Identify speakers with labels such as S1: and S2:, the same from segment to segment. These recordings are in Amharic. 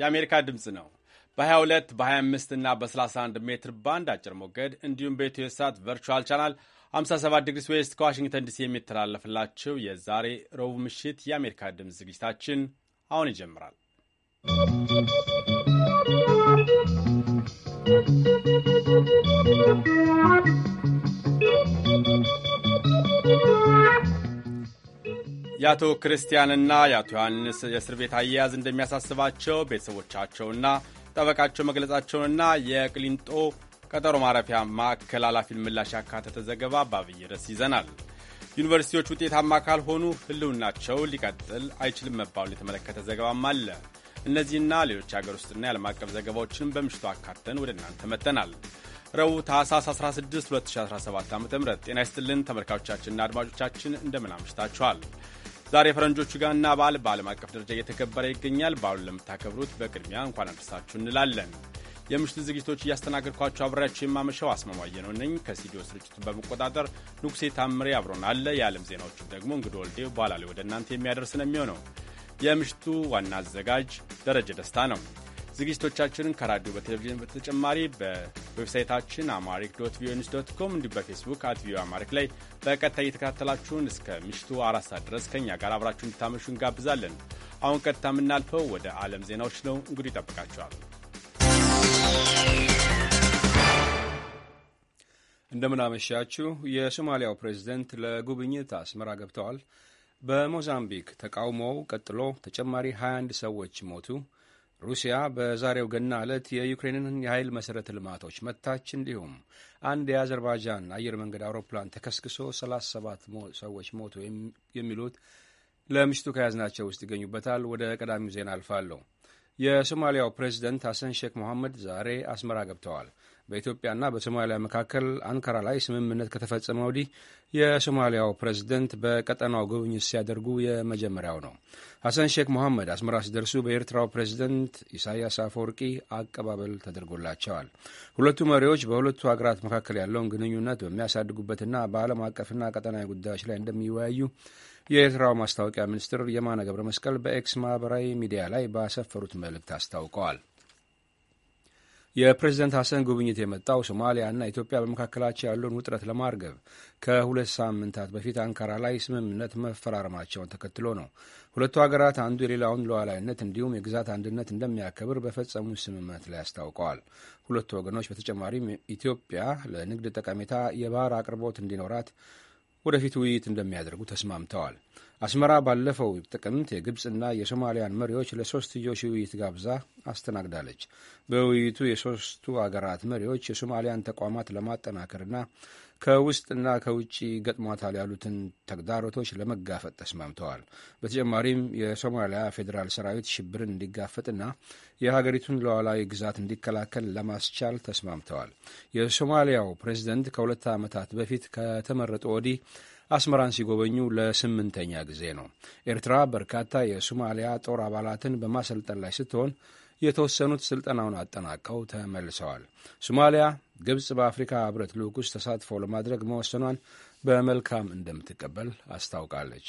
S1: የአሜሪካ ድምፅ ነው። በ22 በ25 እና በ31 ሜትር ባንድ አጭር ሞገድ እንዲሁም በኢትዮ ሳት ቨርቹዋል ቻናል 57 ዲግሪ ስዌስት ከዋሽንግተን ዲሲ የሚተላለፍላቸው የዛሬ ረቡዕ ምሽት የአሜሪካ ድምፅ ዝግጅታችን አሁን ይጀምራል።
S2: ¶¶
S1: የአቶ ክርስቲያንና የአቶ ዮሐንስ የእስር ቤት አያያዝ እንደሚያሳስባቸው ቤተሰቦቻቸውና ጠበቃቸው መግለጻቸውንና የቅሊንጦ ቀጠሮ ማረፊያ ማዕከል ኃላፊን ምላሽ ያካተተ ዘገባ በአብይ ርዕስ ይዘናል። ዩኒቨርሲቲዎች ውጤታማ ካልሆኑ ሕልውናቸው ሊቀጥል አይችልም መባሉን የተመለከተ ዘገባም አለ። እነዚህና ሌሎች የአገር ውስጥና የዓለም አቀፍ ዘገባዎችንም በምሽቱ አካተን ወደ እናንተ መጥተናል። ረቡዕ ታህሳስ 16 2017 ዓ ም ጤና ይስጥልን ተመልካቾቻችንና አድማጮቻችን እንደምን አምሽታችኋል። ዛሬ የፈረንጆቹ ጋና በዓል በዓለም አቀፍ ደረጃ እየተከበረ ይገኛል። በዓሉን ለምታከብሩት በቅድሚያ እንኳን አደረሳችሁ እንላለን። የምሽቱ ዝግጅቶች እያስተናገድኳቸው አብሬያቸው የማመሻው አስማማየ ነው ነኝ። ከስቱዲዮ ስርጭቱን በመቆጣጠር ንጉሴ ታምሬ አብሮን አለ። የዓለም ዜናዎችን ደግሞ እንግዶ ወልዴ በኋላ ላይ ወደ እናንተ የሚያደርስ ነው የሚሆነው። የምሽቱ ዋና አዘጋጅ ደረጀ ደስታ ነው። ዝግጅቶቻችንን ከራዲዮ በቴሌቪዥን በተጨማሪ በዌብሳይታችን አማሪክ ዶት ቪኦኤ ዶት ኮም እንዲሁ በፌስቡክ አት ቪኦኤ አማሪክ ላይ በቀጥታ እየተከታተላችሁን እስከ ምሽቱ አራት ሰዓት ድረስ ከእኛ ጋር አብራችሁ እንድታመሹ እንጋብዛለን። አሁን ቀጥታ የምናልፈው ወደ ዓለም ዜናዎች ነው። እንግዲህ ይጠብቃችኋል።
S3: እንደምናመሻችሁ። የሶማሊያው ፕሬዝደንት ለጉብኝት አስመራ ገብተዋል። በሞዛምቢክ ተቃውሞው ቀጥሎ ተጨማሪ 21 ሰዎች ሞቱ። ሩሲያ በዛሬው ገና ዕለት የዩክሬንን የኃይል መሠረተ ልማቶች መታች። እንዲሁም አንድ የአዘርባይጃን አየር መንገድ አውሮፕላን ተከስክሶ 37 ሰዎች ሞቱ። የሚሉት ለምሽቱ ከያዝናቸው ውስጥ ይገኙበታል። ወደ ቀዳሚው ዜና አልፋለሁ። የሶማሊያው ፕሬዚደንት ሐሰን ሼክ መሐመድ ዛሬ አስመራ ገብተዋል። በኢትዮጵያና በሶማሊያ መካከል አንካራ ላይ ስምምነት ከተፈጸመ ወዲህ የሶማሊያው ፕሬዝደንት በቀጠናው ጉብኝት ሲያደርጉ የመጀመሪያው ነው። ሐሰን ሼክ መሐመድ አስመራ ሲደርሱ በኤርትራው ፕሬዝደንት ኢሳያስ አፈወርቂ አቀባበል ተደርጎላቸዋል። ሁለቱ መሪዎች በሁለቱ ሀገራት መካከል ያለውን ግንኙነት በሚያሳድጉበትና በዓለም አቀፍና ቀጠናዊ ጉዳዮች ላይ እንደሚወያዩ የኤርትራው ማስታወቂያ ሚኒስትር የማነ ገብረ መስቀል በኤክስ ማህበራዊ ሚዲያ ላይ ባሰፈሩት መልእክት አስታውቀዋል። የፕሬዝደንት ሐሰን ጉብኝት የመጣው ሶማሊያና ኢትዮጵያ በመካከላቸው ያለውን ውጥረት ለማርገብ ከሁለት ሳምንታት በፊት አንካራ ላይ ስምምነት መፈራረማቸውን ተከትሎ ነው። ሁለቱ ሀገራት አንዱ የሌላውን ሉዓላዊነት እንዲሁም የግዛት አንድነት እንደሚያከብር በፈጸሙት ስምምነት ላይ አስታውቀዋል። ሁለቱ ወገኖች በተጨማሪም ኢትዮጵያ ለንግድ ጠቀሜታ የባህር አቅርቦት እንዲኖራት ወደፊት ውይይት እንደሚያደርጉ ተስማምተዋል። አስመራ ባለፈው ጥቅምት የግብፅና የሶማሊያን መሪዎች ለሶስትዮሽ ውይይት ጋብዛ አስተናግዳለች። በውይይቱ የሶስቱ አገራት መሪዎች የሶማሊያን ተቋማት ለማጠናከርና ከውስጥና ከውጭ ገጥሟታል ያሉትን ተግዳሮቶች ለመጋፈጥ ተስማምተዋል። በተጨማሪም የሶማሊያ ፌዴራል ሰራዊት ሽብርን እንዲጋፈጥና የሀገሪቱን ሉዓላዊ ግዛት እንዲከላከል ለማስቻል ተስማምተዋል። የሶማሊያው ፕሬዚደንት ከሁለት ዓመታት በፊት ከተመረጡ ወዲህ አስመራን ሲጎበኙ ለስምንተኛ ጊዜ ነው። ኤርትራ በርካታ የሶማሊያ ጦር አባላትን በማሰልጠን ላይ ስትሆን የተወሰኑት ስልጠናውን አጠናቀው ተመልሰዋል። ሶማሊያ ግብጽ በአፍሪካ ህብረት ልዑክ ውስጥ ተሳትፎ ለማድረግ መወሰኗን በመልካም እንደምትቀበል አስታውቃለች።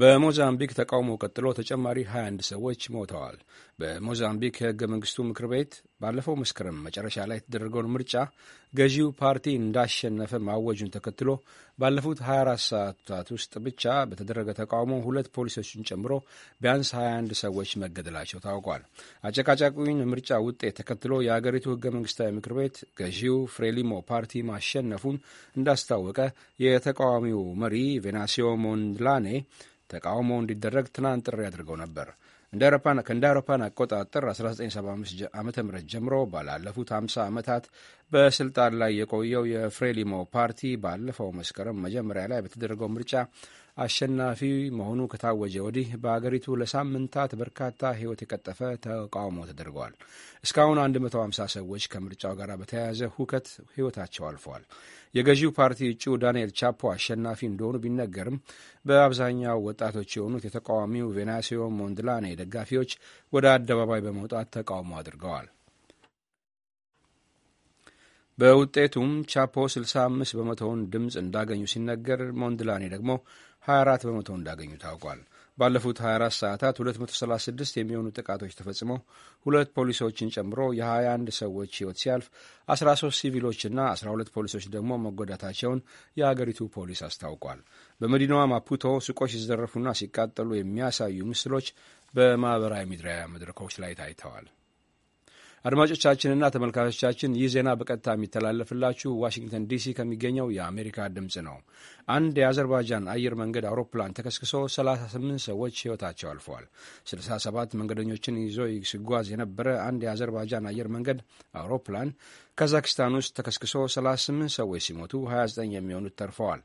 S3: በሞዛምቢክ ተቃውሞ ቀጥሎ ተጨማሪ 21 ሰዎች ሞተዋል። በሞዛምቢክ የህገ መንግስቱ ምክር ቤት ባለፈው መስከረም መጨረሻ ላይ የተደረገውን ምርጫ ገዢው ፓርቲ እንዳሸነፈ ማወጁን ተከትሎ ባለፉት 24 ሰዓታት ውስጥ ብቻ በተደረገ ተቃውሞ ሁለት ፖሊሶችን ጨምሮ ቢያንስ 21 ሰዎች መገደላቸው ታውቋል። አጨቃጫቂውን ምርጫ ውጤት ተከትሎ የአገሪቱ ህገ መንግስታዊ ምክር ቤት ገዢው ፍሬሊሞ ፓርቲ ማሸነፉን እንዳስታወቀ የተቃዋሚው መሪ ቬናሲዮ ሞንድላኔ ተቃውሞ እንዲደረግ ትናንት ጥሪ አድርገው ነበር። እንደ አውሮፓን አቆጣጠር 1975 ዓ ም ጀምሮ ባላለፉት 50 ዓመታት በስልጣን ላይ የቆየው የፍሬሊሞ ፓርቲ ባለፈው መስከረም መጀመሪያ ላይ በተደረገው ምርጫ አሸናፊ መሆኑ ከታወጀ ወዲህ በአገሪቱ ለሳምንታት በርካታ ሕይወት የቀጠፈ ተቃውሞ ተደርገዋል። እስካሁን 150 ሰዎች ከምርጫው ጋር በተያያዘ ሁከት ሕይወታቸው አልፈዋል። የገዢው ፓርቲ እጩ ዳንኤል ቻፖ አሸናፊ እንደሆኑ ቢነገርም በአብዛኛው ወጣቶች የሆኑት የተቃዋሚው ቬናሲዮ ሞንድላኔ ደጋፊዎች ወደ አደባባይ በመውጣት ተቃውሞ አድርገዋል። በውጤቱም ቻፖ 65 በመቶውን ድምፅ እንዳገኙ ሲነገር ሞንድላኔ ደግሞ 24 በመቶ እንዳገኙ ታውቋል። ባለፉት 24 ሰዓታት 236 የሚሆኑ ጥቃቶች ተፈጽመው ሁለት ፖሊሶችን ጨምሮ የ21 ሰዎች ሕይወት ሲያልፍ 13 ሲቪሎችና 12 ፖሊሶች ደግሞ መጎዳታቸውን የአገሪቱ ፖሊስ አስታውቋል። በመዲናዋ ማፑቶ ሱቆች ሲዘረፉና ሲቃጠሉ የሚያሳዩ ምስሎች በማኅበራዊ ሚዲያ መድረኮች ላይ ታይተዋል። አድማጮቻችንና ተመልካቾቻችን ይህ ዜና በቀጥታ የሚተላለፍላችሁ ዋሽንግተን ዲሲ ከሚገኘው የአሜሪካ ድምፅ ነው። አንድ የአዘርባጃን አየር መንገድ አውሮፕላን ተከስክሶ 38 ሰዎች ሕይወታቸው አልፈዋል። 67 መንገደኞችን ይዞ ሲጓዝ የነበረ አንድ የአዘርባጃን አየር መንገድ አውሮፕላን ካዛክስታን ውስጥ ተከስክሶ 38 ሰዎች ሲሞቱ 29 የሚሆኑት ተርፈዋል።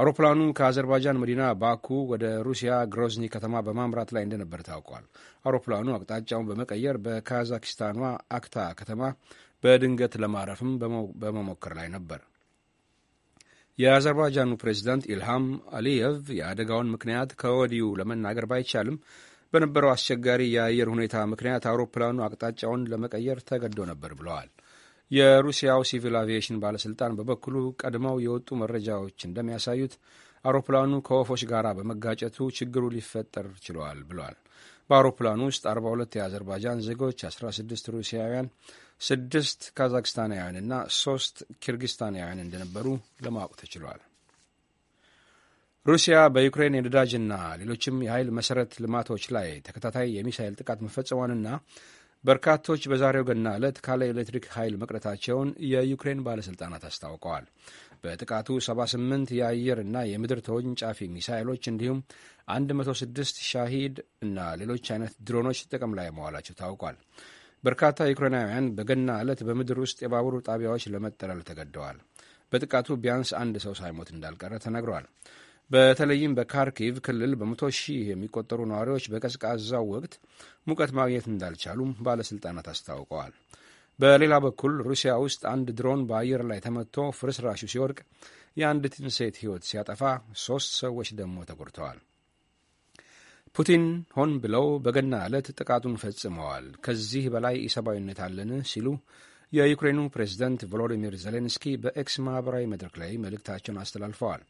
S3: አውሮፕላኑ ከአዘርባጃን መዲና ባኩ ወደ ሩሲያ ግሮዝኒ ከተማ በማምራት ላይ እንደነበር ታውቋል። አውሮፕላኑ አቅጣጫውን በመቀየር በካዛኪስታኗ አክታ ከተማ በድንገት ለማረፍም በመሞከር ላይ ነበር። የአዘርባይጃኑ ፕሬዚዳንት ኢልሃም አሊየቭ የአደጋውን ምክንያት ከወዲሁ ለመናገር ባይቻልም በነበረው አስቸጋሪ የአየር ሁኔታ ምክንያት አውሮፕላኑ አቅጣጫውን ለመቀየር ተገዶ ነበር ብለዋል። የሩሲያው ሲቪል አቪዬሽን ባለሥልጣን በበኩሉ ቀድመው የወጡ መረጃዎች እንደሚያሳዩት አውሮፕላኑ ከወፎች ጋር በመጋጨቱ ችግሩ ሊፈጠር ችሏል ብሏል። በአውሮፕላኑ ውስጥ 42 የአዘርባይጃን ዜጎች፣ 16 ሩሲያውያን፣ 6 ካዛክስታናውያን እና 3 ኪርጊስታናውያን እንደነበሩ ለማወቅ ተችሏል። ሩሲያ በዩክሬን የነዳጅና ሌሎችም የኃይል መሠረት ልማቶች ላይ ተከታታይ የሚሳይል ጥቃት መፈጸሟንና በርካቶች በዛሬው ገና ዕለት ካለ ኤሌክትሪክ ኃይል መቅረታቸውን የዩክሬን ባለሥልጣናት አስታውቀዋል። በጥቃቱ 78 የአየር እና የምድር ተወንጫፊ ሚሳይሎች እንዲሁም 106 ሻሂድ እና ሌሎች አይነት ድሮኖች ጥቅም ላይ መዋላቸው ታውቋል። በርካታ ዩክሬናውያን በገና ዕለት በምድር ውስጥ የባቡር ጣቢያዎች ለመጠለል ተገደዋል። በጥቃቱ ቢያንስ አንድ ሰው ሳይሞት እንዳልቀረ ተነግሯል። በተለይም በካርኪቭ ክልል በመቶ ሺህ የሚቆጠሩ ነዋሪዎች በቀዝቃዛው ወቅት ሙቀት ማግኘት እንዳልቻሉም ባለሥልጣናት አስታውቀዋል። በሌላ በኩል ሩሲያ ውስጥ አንድ ድሮን በአየር ላይ ተመትቶ ፍርስራሹ ሲወድቅ የአንዲትን ሴት ሕይወት ሲያጠፋ ሦስት ሰዎች ደግሞ ተጎድተዋል። ፑቲን ሆን ብለው በገና ዕለት ጥቃቱን ፈጽመዋል፣ ከዚህ በላይ ኢሰብአዊነት አለን ሲሉ የዩክሬኑ ፕሬዚደንት ቮሎዲሚር ዜሌንስኪ በኤክስ ማኅበራዊ መድረክ ላይ መልእክታቸውን አስተላልፈዋል።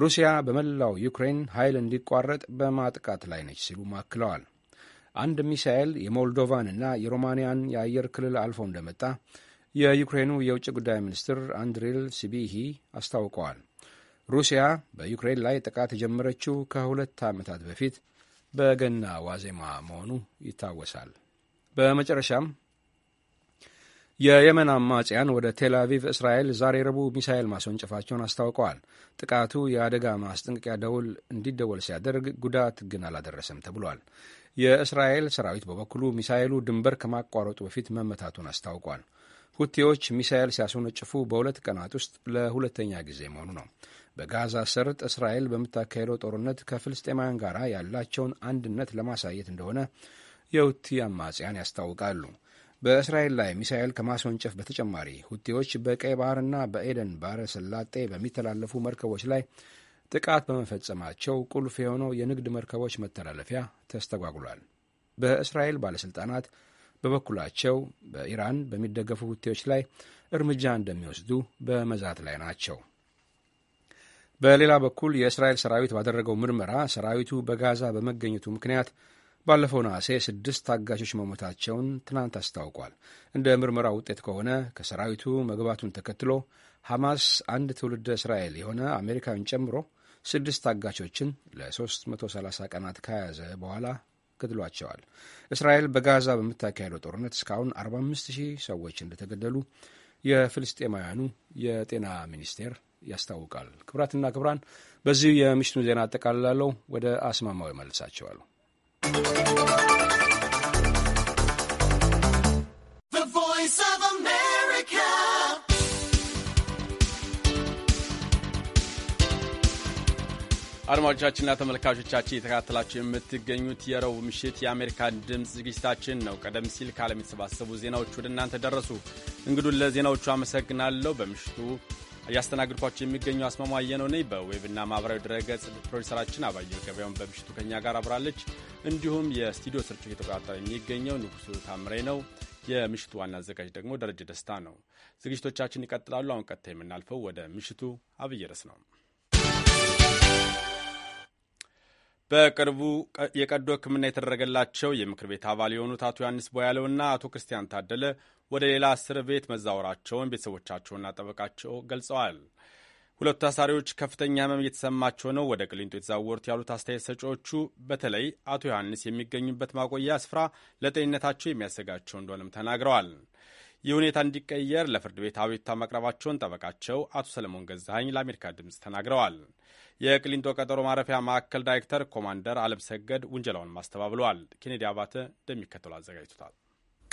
S3: ሩሲያ በመላው ዩክሬን ኃይል እንዲቋረጥ በማጥቃት ላይ ነች ሲሉ ማክለዋል። አንድ ሚሳኤል የሞልዶቫንና የሮማንያን የአየር ክልል አልፎ እንደመጣ የዩክሬኑ የውጭ ጉዳይ ሚኒስትር አንድሪል ሲቢሂ አስታውቀዋል። ሩሲያ በዩክሬን ላይ ጥቃት የጀመረችው ከሁለት ዓመታት በፊት በገና ዋዜማ መሆኑ ይታወሳል። በመጨረሻም የየመን አማጽያን ወደ ቴል አቪቭ እስራኤል ዛሬ ረቡዕ ሚሳኤል ማስወንጨፋቸውን አስታውቀዋል። ጥቃቱ የአደጋ ማስጠንቀቂያ ደውል እንዲደወል ሲያደርግ ጉዳት ግን አላደረሰም ተብሏል። የእስራኤል ሰራዊት በበኩሉ ሚሳኤሉ ድንበር ከማቋረጡ በፊት መመታቱን አስታውቋል። ሁቴዎች ሚሳኤል ሲያስወነጭፉ በሁለት ቀናት ውስጥ ለሁለተኛ ጊዜ መሆኑ ነው። በጋዛ ሰርጥ እስራኤል በምታካሄደው ጦርነት ከፍልስጤማውያን ጋር ያላቸውን አንድነት ለማሳየት እንደሆነ የሁቲ አማጽያን ያስታውቃሉ። በእስራኤል ላይ ሚሳኤል ከማስወንጨፍ በተጨማሪ ሁቴዎች በቀይ ባህርና በኤደን ባህረ ሰላጤ በሚተላለፉ መርከቦች ላይ ጥቃት በመፈጸማቸው ቁልፍ የሆነው የንግድ መርከቦች መተላለፊያ ተስተጓጉሏል። በእስራኤል ባለሥልጣናት በበኩላቸው በኢራን በሚደገፉ ሁቴዎች ላይ እርምጃ እንደሚወስዱ በመዛት ላይ ናቸው። በሌላ በኩል የእስራኤል ሰራዊት ባደረገው ምርመራ ሰራዊቱ በጋዛ በመገኘቱ ምክንያት ባለፈው ነሐሴ ስድስት ታጋቾች መሞታቸውን ትናንት አስታውቋል። እንደ ምርመራ ውጤት ከሆነ ከሰራዊቱ መግባቱን ተከትሎ ሐማስ አንድ ትውልደ እስራኤል የሆነ አሜሪካዊን ጨምሮ ስድስት ታጋቾችን ለ330 ቀናት ከያዘ በኋላ ገድሏቸዋል። እስራኤል በጋዛ በምታካሄደው ጦርነት እስካሁን 45 ሰዎች እንደተገደሉ የፍልስጤማውያኑ የጤና ሚኒስቴር ያስታውቃል። ክብራትና ክብራን፣ በዚህ የምሽቱን ዜና አጠቃልላለሁ። ወደ አስማማዊ መልሳቸዋለሁ።
S1: አድማጮቻችንና ተመልካቾቻችን የተከታተላችሁ የምትገኙት የረቡ ምሽት የአሜሪካን ድምፅ ዝግጅታችን ነው። ቀደም ሲል ከዓለም የተሰባሰቡ ዜናዎች ወደ እናንተ ደረሱ። እንግዱን ለዜናዎቹ አመሰግናለሁ። በምሽቱ እያስተናግድኳቸው የሚገኘው አስማማ ነው ነኝ። በዌብና ማህበራዊ ድረገጽ ፕሮዲሰራችን አባየሁ ገበያውን በምሽቱ ከኛ ጋር አብራለች። እንዲሁም የስቱዲዮ ስርጭት የተቆጣጠረ የሚገኘው ንጉሱ ታምሬ ነው። የምሽቱ ዋና አዘጋጅ ደግሞ ደረጀ ደስታ ነው። ዝግጅቶቻችን ይቀጥላሉ። አሁን ቀጥታ የምናልፈው ወደ ምሽቱ አብይ ርዕስ ነው። በቅርቡ የቀዶ ሕክምና የተደረገላቸው የምክር ቤት አባል የሆኑት አቶ ዮሐንስ ቦያለውና አቶ ክርስቲያን ታደለ ወደ ሌላ እስር ቤት መዛወራቸውን ቤተሰቦቻቸውና ጠበቃቸው ገልጸዋል። ሁለቱ ታሳሪዎች ከፍተኛ ህመም እየተሰማቸው ነው ወደ ቅሊንጦ የተዛወሩት ያሉት አስተያየት ሰጪዎቹ በተለይ አቶ ዮሐንስ የሚገኙበት ማቆያ ስፍራ ለጤንነታቸው የሚያሰጋቸው እንደሆነም ተናግረዋል። ይህ ሁኔታ እንዲቀየር ለፍርድ ቤት አቤቱታ ማቅረባቸውን ጠበቃቸው አቶ ሰለሞን ገዛኸኝ ለአሜሪካ ድምፅ ተናግረዋል። የቅሊንጦ ቀጠሮ ማረፊያ ማዕከል ዳይሬክተር ኮማንደር አለም ሰገድ ውንጀላውን ማስተባብለዋል። ኬኔዲ አባተ እንደሚከተሉ አዘጋጅቶታል።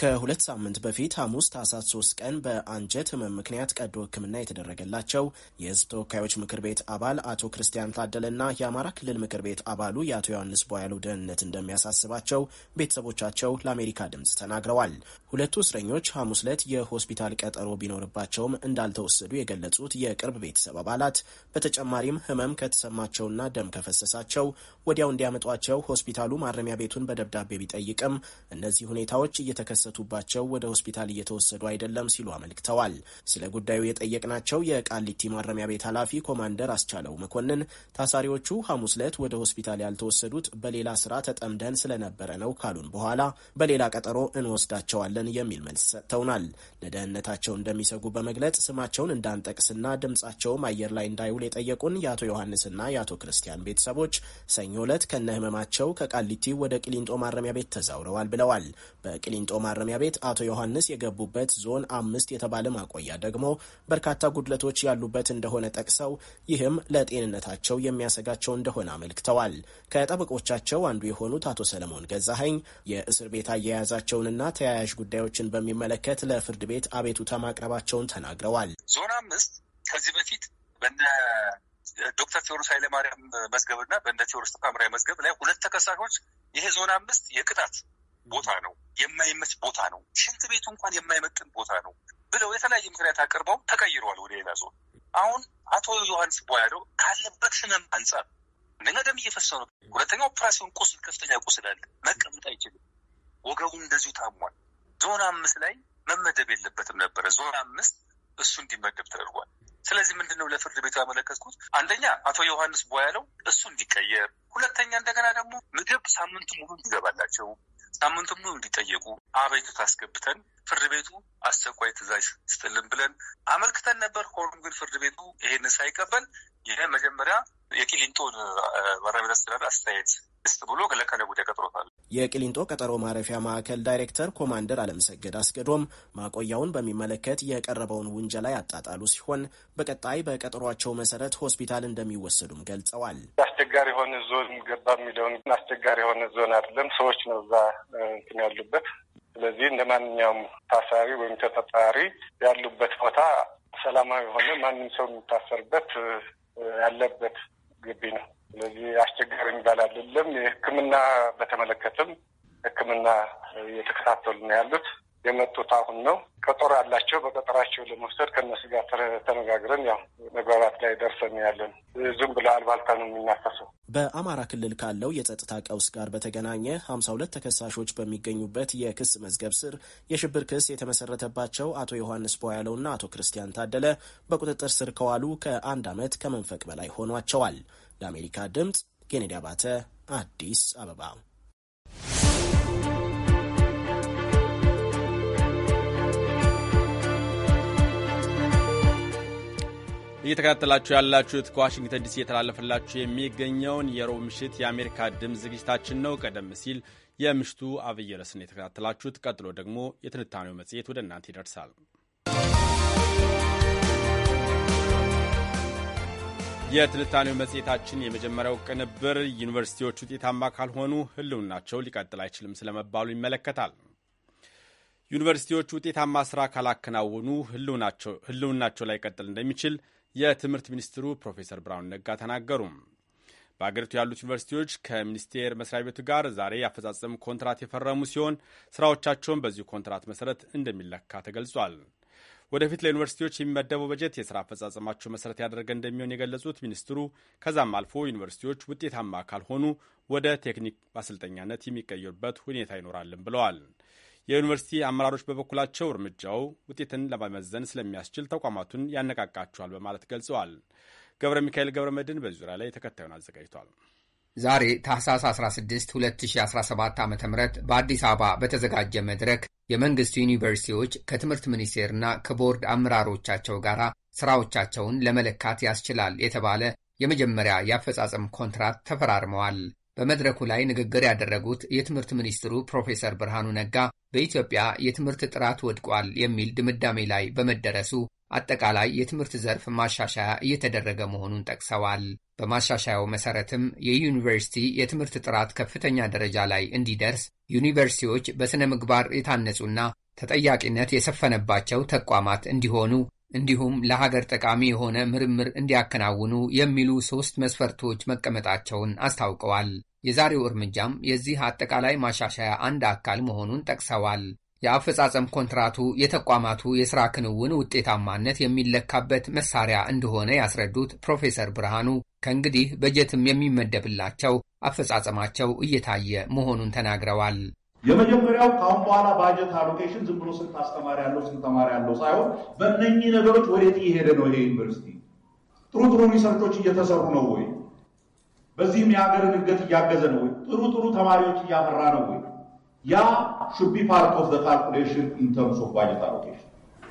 S2: ከሁለት ሳምንት በፊት ሐሙስ ታህሳስ 3 ቀን በአንጀት ህመም ምክንያት ቀዶ ሕክምና የተደረገላቸው የህዝብ ተወካዮች ምክር ቤት አባል አቶ ክርስቲያን ታደለና የአማራ ክልል ምክር ቤት አባሉ የአቶ ዮሐንስ ቧያለው ደህንነት እንደሚያሳስባቸው ቤተሰቦቻቸው ለአሜሪካ ድምፅ ተናግረዋል። ሁለቱ እስረኞች ሐሙስ ዕለት የሆስፒታል ቀጠሮ ቢኖርባቸውም እንዳልተወሰዱ የገለጹት የቅርብ ቤተሰብ አባላት በተጨማሪም ህመም ከተሰማቸውና ደም ከፈሰሳቸው ወዲያው እንዲያመጧቸው ሆስፒታሉ ማረሚያ ቤቱን በደብዳቤ ቢጠይቅም እነዚህ ሁኔታዎች እየተከሰ የተከሰቱባቸው ወደ ሆስፒታል እየተወሰዱ አይደለም ሲሉ አመልክተዋል። ስለ ጉዳዩ የጠየቅናቸው የቃሊቲ ማረሚያ ቤት ኃላፊ ኮማንደር አስቻለው መኮንን ታሳሪዎቹ ሐሙስ ዕለት ወደ ሆስፒታል ያልተወሰዱት በሌላ ስራ ተጠምደን ስለነበረ ነው ካሉን በኋላ በሌላ ቀጠሮ እንወስዳቸዋለን የሚል መልስ ሰጥተውናል። ለደህንነታቸው እንደሚሰጉ በመግለጽ ስማቸውን እንዳንጠቅስና ድምጻቸውም አየር ላይ እንዳይውል የጠየቁን የአቶ ዮሐንስና የአቶ ክርስቲያን ቤተሰቦች ሰኞ ዕለት ከነ ህመማቸው ከቃሊቲ ወደ ቅሊንጦ ማረሚያ ቤት ተዛውረዋል ብለዋል። በቅሊንጦ ማረሚያ ቤት አቶ ዮሐንስ የገቡበት ዞን አምስት የተባለ ማቆያ ደግሞ በርካታ ጉድለቶች ያሉበት እንደሆነ ጠቅሰው ይህም ለጤንነታቸው የሚያሰጋቸው እንደሆነ አመልክተዋል። ከጠበቆቻቸው አንዱ የሆኑት አቶ ሰለሞን ገዛሀኝ የእስር ቤት አያያዛቸውንና ተያያዥ ጉዳዮችን በሚመለከት ለፍርድ ቤት አቤቱታ ማቅረባቸውን ተናግረዋል። ዞን አምስት ከዚህ በፊት በነ ዶክተር ቴዎድሮስ ኃይለማርያም
S4: መዝገብና በነ ቴዎድሮስ ታምራዊ መዝገብ ላይ ሁለት ተከሳሾች ይሄ ዞን አምስት የቅጣት ቦታ ነው፣ የማይመች ቦታ ነው፣ ሽንት ቤቱ እንኳን የማይመጥን ቦታ ነው ብለው የተለያየ ምክንያት አቅርበው ተቀይረዋል ወደ ሌላ ዞን። አሁን አቶ ዮሐንስ ቧያለው ካለበት ህመም አንጻር አንደኛ ደም እየፈሰ ነው፣ ሁለተኛ ኦፕራሲዮን ቁስል፣ ከፍተኛ ቁስል አለ፣ መቀመጥ አይችልም። ወገቡ እንደዚሁ ታሟል። ዞን አምስት ላይ መመደብ የለበትም ነበረ። ዞን አምስት እሱ እንዲመደብ ተደርጓል። ስለዚህ ምንድነው ለፍርድ ቤቱ ያመለከትኩት አንደኛ አቶ ዮሐንስ ቧያለው እሱ እንዲቀየር፣ ሁለተኛ እንደገና ደግሞ ምግብ ሳምንቱ ሙሉ እንዲገባላቸው፣ ሳምንቱ ሙሉ እንዲጠየቁ አቤቱታ አስገብተን ፍርድ ቤቱ አስቸኳይ ትእዛዝ ስጥልን ብለን አመልክተን ነበር። ሆኖም ግን ፍርድ ቤቱ ይሄንን ሳይቀበል የመጀመሪያ
S2: የቂሊንጦን ማረሚያ ቤት አስተዳደር አስተያየት ስ ብሎ ለከነጉ ቀጥሮታል። የቅሊንጦ ቀጠሮ ማረፊያ ማዕከል ዳይሬክተር ኮማንደር አለምሰገድ አስገዶም ማቆያውን በሚመለከት የቀረበውን ውንጀላ ያጣጣሉ ሲሆን በቀጣይ በቀጠሯቸው መሰረት ሆስፒታል እንደሚወሰዱም ገልጸዋል።
S5: አስቸጋሪ የሆነ ዞን ገባ የሚለውን አስቸጋሪ የሆነ ዞን አይደለም። ሰዎች ነው እዛ እንትን ያሉበት ስለዚህ እንደ ማንኛውም ታሳሪ ወይም ተጠርጣሪ ያሉበት ቦታ ሰላማዊ የሆነ ማንም ሰው የሚታሰርበት ያለበት ግቢ ነው። ስለዚህ አስቸጋሪ የሚባል አይደለም። የሕክምና በተመለከተም ሕክምና እየተከታተሉ ነው ያሉት። የመጡት አሁን ነው። ቀጠሮ ያላቸው በቀጠራቸው ለመውሰድ ከነሱ ጋር ተነጋግረን ያው መግባባት ላይ ደርሰን ያለን ዝም ብለ አልባልታ ነው የሚናፈሰው።
S2: በአማራ ክልል ካለው የጸጥታ ቀውስ ጋር በተገናኘ ሀምሳ ሁለት ተከሳሾች በሚገኙበት የክስ መዝገብ ስር የሽብር ክስ የተመሰረተባቸው አቶ ዮሐንስ ቦያለውና አቶ ክርስቲያን ታደለ በቁጥጥር ስር ከዋሉ ከአንድ ዓመት ከመንፈቅ በላይ ሆኗቸዋል። ለአሜሪካ ድምፅ ኬኔዲ አባተ አዲስ አበባ
S1: እየተከታተላችሁ ያላችሁት ከዋሽንግተን ዲሲ የተላለፈላችሁ የሚገኘውን የሮብ ምሽት የአሜሪካ ድምፅ ዝግጅታችን ነው። ቀደም ሲል የምሽቱ አብይ ርዕስን የተከታተላችሁት፣ ቀጥሎ ደግሞ የትንታኔው መጽሔት ወደ እናንተ ይደርሳል። የትንታኔው መጽሔታችን የመጀመሪያው ቅንብር ዩኒቨርሲቲዎች ውጤታማ ካልሆኑ ህልውናቸው ሊቀጥል አይችልም ስለመባሉ ይመለከታል። ዩኒቨርሲቲዎች ውጤታማ ስራ ካላከናወኑ ህልውናቸው ላይ ቀጥል እንደሚችል የትምህርት ሚኒስትሩ ፕሮፌሰር ብርሃኑ ነጋ ተናገሩ። በአገሪቱ ያሉት ዩኒቨርሲቲዎች ከሚኒስቴር መስሪያ ቤቱ ጋር ዛሬ ያፈጻጸሙ ኮንትራት የፈረሙ ሲሆን ስራዎቻቸውን በዚሁ ኮንትራት መሰረት እንደሚለካ ተገልጿል። ወደፊት ለዩኒቨርሲቲዎች የሚመደበው በጀት የስራ አፈጻጸማቸው መሰረት ያደረገ እንደሚሆን የገለጹት ሚኒስትሩ ከዛም አልፎ ዩኒቨርሲቲዎች ውጤታማ ካልሆኑ ወደ ቴክኒክ ማሰልጠኛነት የሚቀየሩበት ሁኔታ ይኖራልን ብለዋል። የዩኒቨርሲቲ አመራሮች በበኩላቸው እርምጃው ውጤትን ለመመዘን ስለሚያስችል ተቋማቱን ያነቃቃቸዋል በማለት ገልጸዋል። ገብረ ሚካኤል ገብረ መድን ዙሪያ ላይ ተከታዩን አዘጋጅቷል።
S6: ዛሬ ታህሳስ 16 2017 ዓ ም በአዲስ አበባ በተዘጋጀ መድረክ የመንግሥት ዩኒቨርሲቲዎች ከትምህርት ሚኒስቴርና ከቦርድ አመራሮቻቸው ጋር ሥራዎቻቸውን ለመለካት ያስችላል የተባለ የመጀመሪያ የአፈጻጸም ኮንትራት ተፈራርመዋል። በመድረኩ ላይ ንግግር ያደረጉት የትምህርት ሚኒስትሩ ፕሮፌሰር ብርሃኑ ነጋ በኢትዮጵያ የትምህርት ጥራት ወድቋል የሚል ድምዳሜ ላይ በመደረሱ አጠቃላይ የትምህርት ዘርፍ ማሻሻያ እየተደረገ መሆኑን ጠቅሰዋል። በማሻሻያው መሰረትም የዩኒቨርሲቲ የትምህርት ጥራት ከፍተኛ ደረጃ ላይ እንዲደርስ ዩኒቨርሲቲዎች በሥነ ምግባር የታነጹና ተጠያቂነት የሰፈነባቸው ተቋማት እንዲሆኑ እንዲሁም ለሀገር ጠቃሚ የሆነ ምርምር እንዲያከናውኑ የሚሉ ሦስት መስፈርቶች መቀመጣቸውን አስታውቀዋል። የዛሬው እርምጃም የዚህ አጠቃላይ ማሻሻያ አንድ አካል መሆኑን ጠቅሰዋል። የአፈጻጸም ኮንትራቱ የተቋማቱ የሥራ ክንውን ውጤታማነት የሚለካበት መሳሪያ እንደሆነ ያስረዱት ፕሮፌሰር ብርሃኑ ከእንግዲህ በጀትም የሚመደብላቸው አፈጻጸማቸው እየታየ መሆኑን ተናግረዋል። የመጀመሪያው
S7: ከአሁን በኋላ ባጀት አሎኬሽን ዝም ብሎ ስንት አስተማሪ ያለው ስንት ተማሪ ያለው ሳይሆን በእነኚህ ነገሮች ወዴት እየሄደ ነው ይሄ ዩኒቨርሲቲ? ጥሩ ጥሩ ሪሰርቾች እየተሰሩ ነው ወይ? በዚህም የሀገርን እድገት እያገዘ ነው ወይ? ጥሩ ጥሩ ተማሪዎች እያፈራ ነው ወይ? ያ ሹድ ቢ ፓርት ኦፍ ዘ ካልኩሌሽን ኢን ተርምስ ኦፍ ባጀት አሎኬሽን።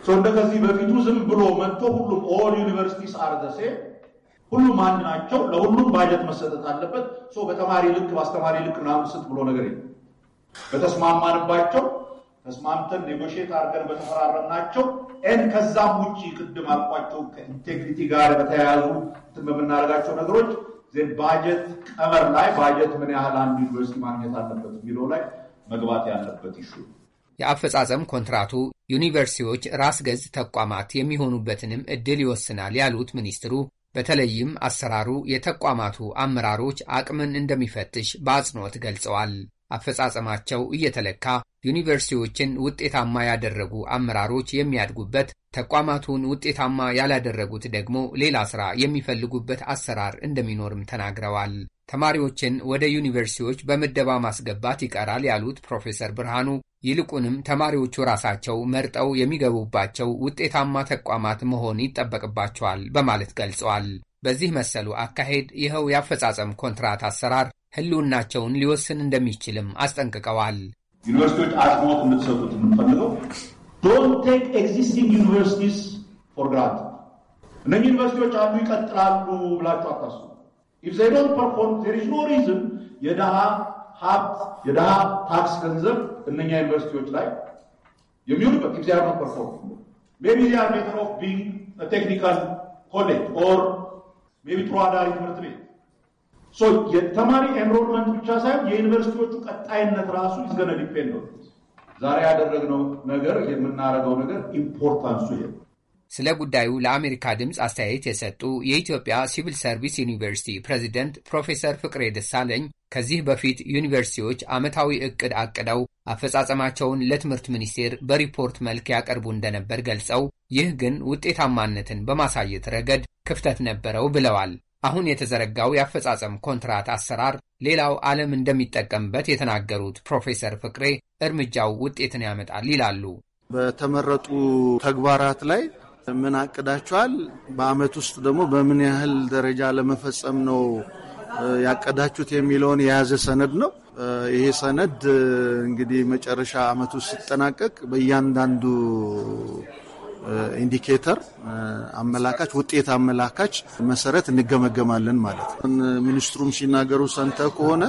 S7: ሰው እንደ ከዚህ በፊቱ ዝም ብሎ መጥቶ ሁሉም ኦል ዩኒቨርሲቲስ አር ዘ ሴም ሁሉም አንድ ናቸው፣ ለሁሉም ባጀት መሰጠት አለበት፣ ሰው በተማሪ ልክ በአስተማሪ ልክ ምናምን ብሎ ነገር የለም በተስማማንባቸው ተስማምተን ኔጎሽት አድርገን በተፈራረናቸው ኤን ከዛም ውጭ ቅድም አልኳቸው ከኢንቴግሪቲ ጋር በተያያዙ በምናደርጋቸው ነገሮች ባጀት ቀመር ላይ ባጀት ምን ያህል አንድ ዩኒቨርሲቲ ማግኘት አለበት የሚለው ላይ መግባት ያለበት
S6: ይሹ የአፈጻጸም ኮንትራቱ ዩኒቨርሲቲዎች ራስ ገዝ ተቋማት የሚሆኑበትንም እድል ይወስናል ያሉት ሚኒስትሩ በተለይም አሰራሩ የተቋማቱ አመራሮች አቅምን እንደሚፈትሽ በአጽንኦት ገልጸዋል። አፈጻጸማቸው እየተለካ ዩኒቨርሲቲዎችን ውጤታማ ያደረጉ አመራሮች የሚያድጉበት፣ ተቋማቱን ውጤታማ ያላደረጉት ደግሞ ሌላ ስራ የሚፈልጉበት አሰራር እንደሚኖርም ተናግረዋል። ተማሪዎችን ወደ ዩኒቨርሲቲዎች በምደባ ማስገባት ይቀራል ያሉት ፕሮፌሰር ብርሃኑ ይልቁንም ተማሪዎቹ ራሳቸው መርጠው የሚገቡባቸው ውጤታማ ተቋማት መሆን ይጠበቅባቸዋል በማለት ገልጸዋል። በዚህ መሰሉ አካሄድ ይኸው የአፈጻጸም ኮንትራት አሰራር ህልውናቸውን ሊወስን እንደሚችልም አስጠንቅቀዋል። ዩኒቨርሲቲዎች
S7: አጽንኦት እንድትሰጡት የምንፈልገው ዶንት ቴክ ኤግዚስቲንግ ዩኒቨርሲቲስ ፎር ግራንት። እነዚህ ዩኒቨርሲቲዎች አሉ ይቀጥላሉ ብላችሁ አታስቡ። ኢፍ ዘይ ዶንት ፐርፎርም ዜር ኢዝ ኖ ሪዝን የድሃ ሀብት የድሃ ታክስ ገንዘብ እነኛ ዩኒቨርሲቲዎች ላይ የሚውልበት ኤግዚአር ነው ፐርፎርም ሜቢ ዚያር ቤተር ኦፍ ቢንግ ቴክኒካል ኮሌጅ ኦር ሜቢ ጥሩ አዳሪ ትምህርት ቤት የተማሪ ኤንሮልመንት ብቻ ሳይሆን የዩኒቨርሲቲዎቹ ቀጣይነት ራሱ ይዝገነ ዲፔንድ ነው። ዛሬ ያደረግነው ነገር የምናደርገው ነገር ኢምፖርታንሱ ይ
S6: ስለ ጉዳዩ ለአሜሪካ ድምፅ አስተያየት የሰጡ የኢትዮጵያ ሲቪል ሰርቪስ ዩኒቨርሲቲ ፕሬዚደንት ፕሮፌሰር ፍቅሬ ደሳለኝ ከዚህ በፊት ዩኒቨርሲቲዎች ዓመታዊ ዕቅድ አቅደው አፈጻጸማቸውን ለትምህርት ሚኒስቴር በሪፖርት መልክ ያቀርቡ እንደነበር ገልጸው ይህ ግን ውጤታማነትን በማሳየት ረገድ ክፍተት ነበረው ብለዋል። አሁን የተዘረጋው የአፈጻጸም ኮንትራት አሰራር ሌላው ዓለም እንደሚጠቀምበት የተናገሩት ፕሮፌሰር ፍቅሬ እርምጃው ውጤትን ያመጣል ይላሉ።
S8: በተመረጡ ተግባራት ላይ ምን አቅዳችኋል? በአመት ውስጥ ደግሞ በምን ያህል ደረጃ ለመፈጸም ነው ያቀዳችሁት የሚለውን የያዘ ሰነድ ነው። ይሄ ሰነድ እንግዲህ መጨረሻ ዓመቱ ሲጠናቀቅ በእያንዳንዱ ኢንዲኬተር አመላካች ውጤት አመላካች መሰረት እንገመገማለን ማለት ነው። ሚኒስትሩም ሲናገሩ ሰንተ ከሆነ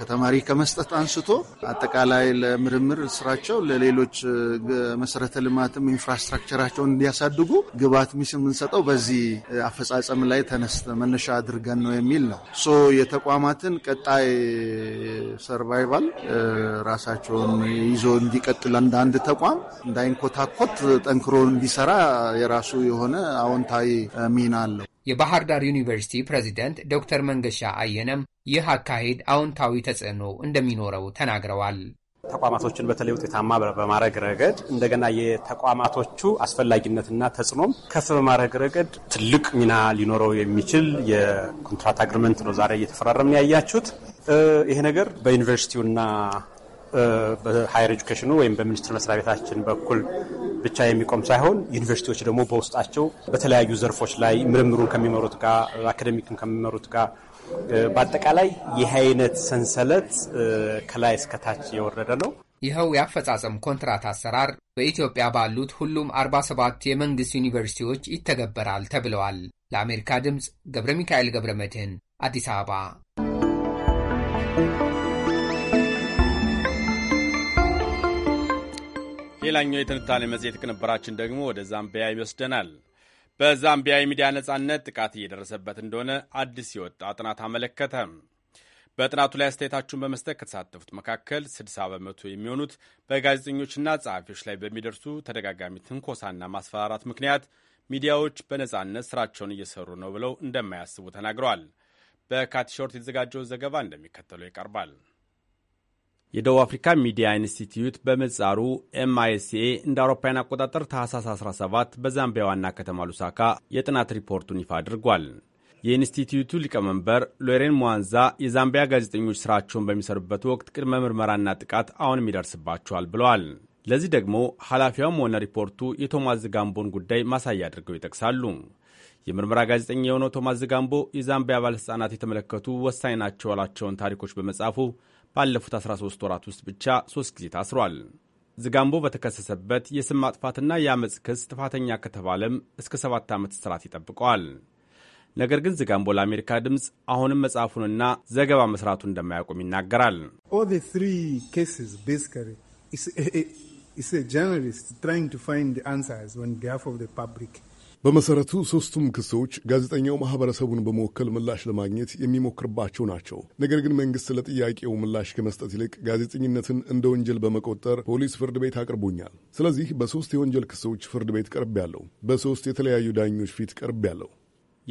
S8: ከተማሪ ከመስጠት አንስቶ አጠቃላይ ለምርምር ስራቸው ለሌሎች መሰረተ ልማትም ኢንፍራስትራክቸራቸውን እንዲያሳድጉ ግብዓት ሚስ የምንሰጠው በዚህ አፈጻጸም ላይ ተነስተ መነሻ አድርገን ነው የሚል ነው። ሶ የተቋማትን ቀጣይ ሰርቫይቫል ራሳቸውን ይዞ እንዲቀጥል አንድ ተቋም እንዳይንኮታኮት ጠንክሮ እንዲሰራ የራሱ የሆነ አዎንታዊ ሚና አለው።
S6: የባህር ዳር ዩኒቨርሲቲ ፕሬዚደንት ዶክተር መንገሻ አየነም ይህ አካሄድ አዎንታዊ ተጽዕኖ እንደሚኖረው ተናግረዋል። ተቋማቶችን በተለይ
S1: ውጤታማ በማድረግ ረገድ እንደገና የተቋማቶቹ አስፈላጊነትና ተጽዕኖም ከፍ በማድረግ ረገድ ትልቅ ሚና ሊኖረው የሚችል የኮንትራት አግሪመንት ነው ዛሬ እየተፈራረምን ያያችሁት። ይሄ ነገር በዩኒቨርሲቲውና በሀየር ኤጁኬሽኑ ወይም በሚኒስትር መስሪያ ቤታችን በኩል ብቻ የሚቆም ሳይሆን ዩኒቨርሲቲዎች ደግሞ በውስጣቸው በተለያዩ ዘርፎች ላይ ምርምሩን ከሚመሩት ጋር አካደሚክን ከሚመሩት ጋር በአጠቃላይ
S6: ይህ አይነት ሰንሰለት ከላይ እስከታች የወረደ ነው። ይኸው የአፈጻጸም ኮንትራት አሰራር በኢትዮጵያ ባሉት ሁሉም 47 የመንግስት ዩኒቨርሲቲዎች ይተገበራል ተብለዋል። ለአሜሪካ ድምፅ ገብረ ሚካኤል ገብረ መድህን አዲስ አበባ
S1: ሌላኛው የትንታኔ መጽሔት ቅንብራችን ደግሞ ወደ ዛምቢያ ይወስደናል። በዛምቢያ የሚዲያ ነጻነት ጥቃት እየደረሰበት እንደሆነ አዲስ የወጣ ጥናት አመለከተ። በጥናቱ ላይ አስተያየታችሁን በመስጠት ከተሳተፉት መካከል 60 በመቶ የሚሆኑት በጋዜጠኞችና ጸሐፊዎች ላይ በሚደርሱ ተደጋጋሚ ትንኮሳና ማስፈራራት ምክንያት ሚዲያዎች በነጻነት ስራቸውን እየሰሩ ነው ብለው እንደማያስቡ ተናግረዋል። በካቲሾርት የተዘጋጀው ዘገባ እንደሚከተለው ይቀርባል። የደቡብ አፍሪካ ሚዲያ ኢንስቲትዩት በምጻሩ ኤምአይሲኤ እንደ አውሮፓውያን አቆጣጠር ታህሳስ 17 በዛምቢያ ዋና ከተማ ሉሳካ የጥናት ሪፖርቱን ይፋ አድርጓል። የኢንስቲትዩቱ ሊቀመንበር ሎሬን ሙዋንዛ የዛምቢያ ጋዜጠኞች ስራቸውን በሚሰሩበት ወቅት ቅድመ ምርመራና ጥቃት አሁንም ይደርስባቸዋል ብለዋል። ለዚህ ደግሞ ኃላፊዋም ሆነ ሪፖርቱ የቶማስ ዝጋምቦን ጉዳይ ማሳያ አድርገው ይጠቅሳሉ። የምርመራ ጋዜጠኛ የሆነው ቶማስ ዝጋምቦ የዛምቢያ ባለሥልጣናት የተመለከቱ ወሳኝ ናቸው ያሏቸውን ታሪኮች በመጻፉ ባለፉት 13 ወራት ውስጥ ብቻ ሶስት ጊዜ ታስሯል። ዝጋምቦ በተከሰሰበት የስም ማጥፋትና የአመፅ ክስ ጥፋተኛ ከተባለም እስከ ሰባት ዓመት እስራት ይጠብቀዋል። ነገር ግን ዝጋምቦ ለአሜሪካ ድምፅ አሁንም መጽሐፉንና ዘገባ መስራቱን እንደማያውቁም ይናገራል።
S9: ስ በመሰረቱ ሦስቱም ክሶች ጋዜጠኛው ማህበረሰቡን በመወከል ምላሽ ለማግኘት የሚሞክርባቸው ናቸው። ነገር ግን መንግስት ለጥያቄው ምላሽ ከመስጠት ይልቅ ጋዜጠኝነትን እንደ ወንጀል በመቆጠር ፖሊስ ፍርድ ቤት አቅርቦኛል። ስለዚህ በሦስት የወንጀል ክሶች ፍርድ ቤት ቀርብ ያለው በሦስት የተለያዩ ዳኞች ፊት ቀርብ ያለው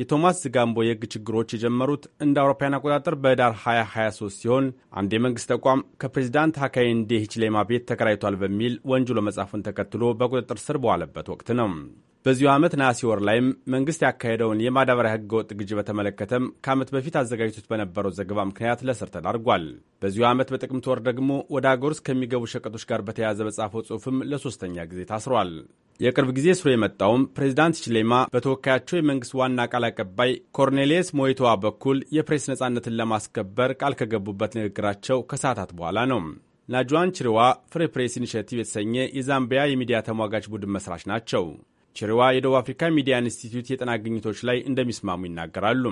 S1: የቶማስ ዝጋምቦ የህግ ችግሮች የጀመሩት እንደ አውሮፓውያን አቆጣጠር በህዳር 2023 ሲሆን አንድ የመንግሥት ተቋም ከፕሬዚዳንት ሀካይንዴ ሂችሌማ ቤት ተከራይቷል በሚል ወንጅሎ መጻፉን ተከትሎ በቁጥጥር ስር በዋለበት ወቅት ነው። በዚሁ ዓመት ነሐሴ ወር ላይም መንግሥት ያካሄደውን የማዳበሪያ ወጥ ግጅ በተመለከተም ከዓመት በፊት አዘጋጅቶት በነበረው ዘገባ ምክንያት ለእስር ተዳርጓል። በዚሁ ዓመት በጥቅምት ወር ደግሞ ወደ አገር ውስጥ ከሚገቡ ሸቀጦች ጋር በተያያዘ በጻፈው ጽሑፍም ለሦስተኛ ጊዜ ታስሯል። የቅርብ ጊዜ ስሩ የመጣውም ፕሬዚዳንት ችሌማ በተወካያቸው የመንግሥት ዋና ቃል አቀባይ ኮርኔሌስ ሞይቶዋ በኩል የፕሬስ ነጻነትን ለማስከበር ቃል ከገቡበት ንግግራቸው ከሰዓታት በኋላ ነው። ናጁዋን ችሪዋ ፍሪ ፕሬስ ኢኒሽቲቭ የተሰኘ የዛምቢያ የሚዲያ ተሟጋች ቡድን መስራች ናቸው። ችሪዋ የደቡብ አፍሪካ ሚዲያ ኢንስቲትዩት የጤና ግኝቶች ላይ እንደሚስማሙ ይናገራሉ።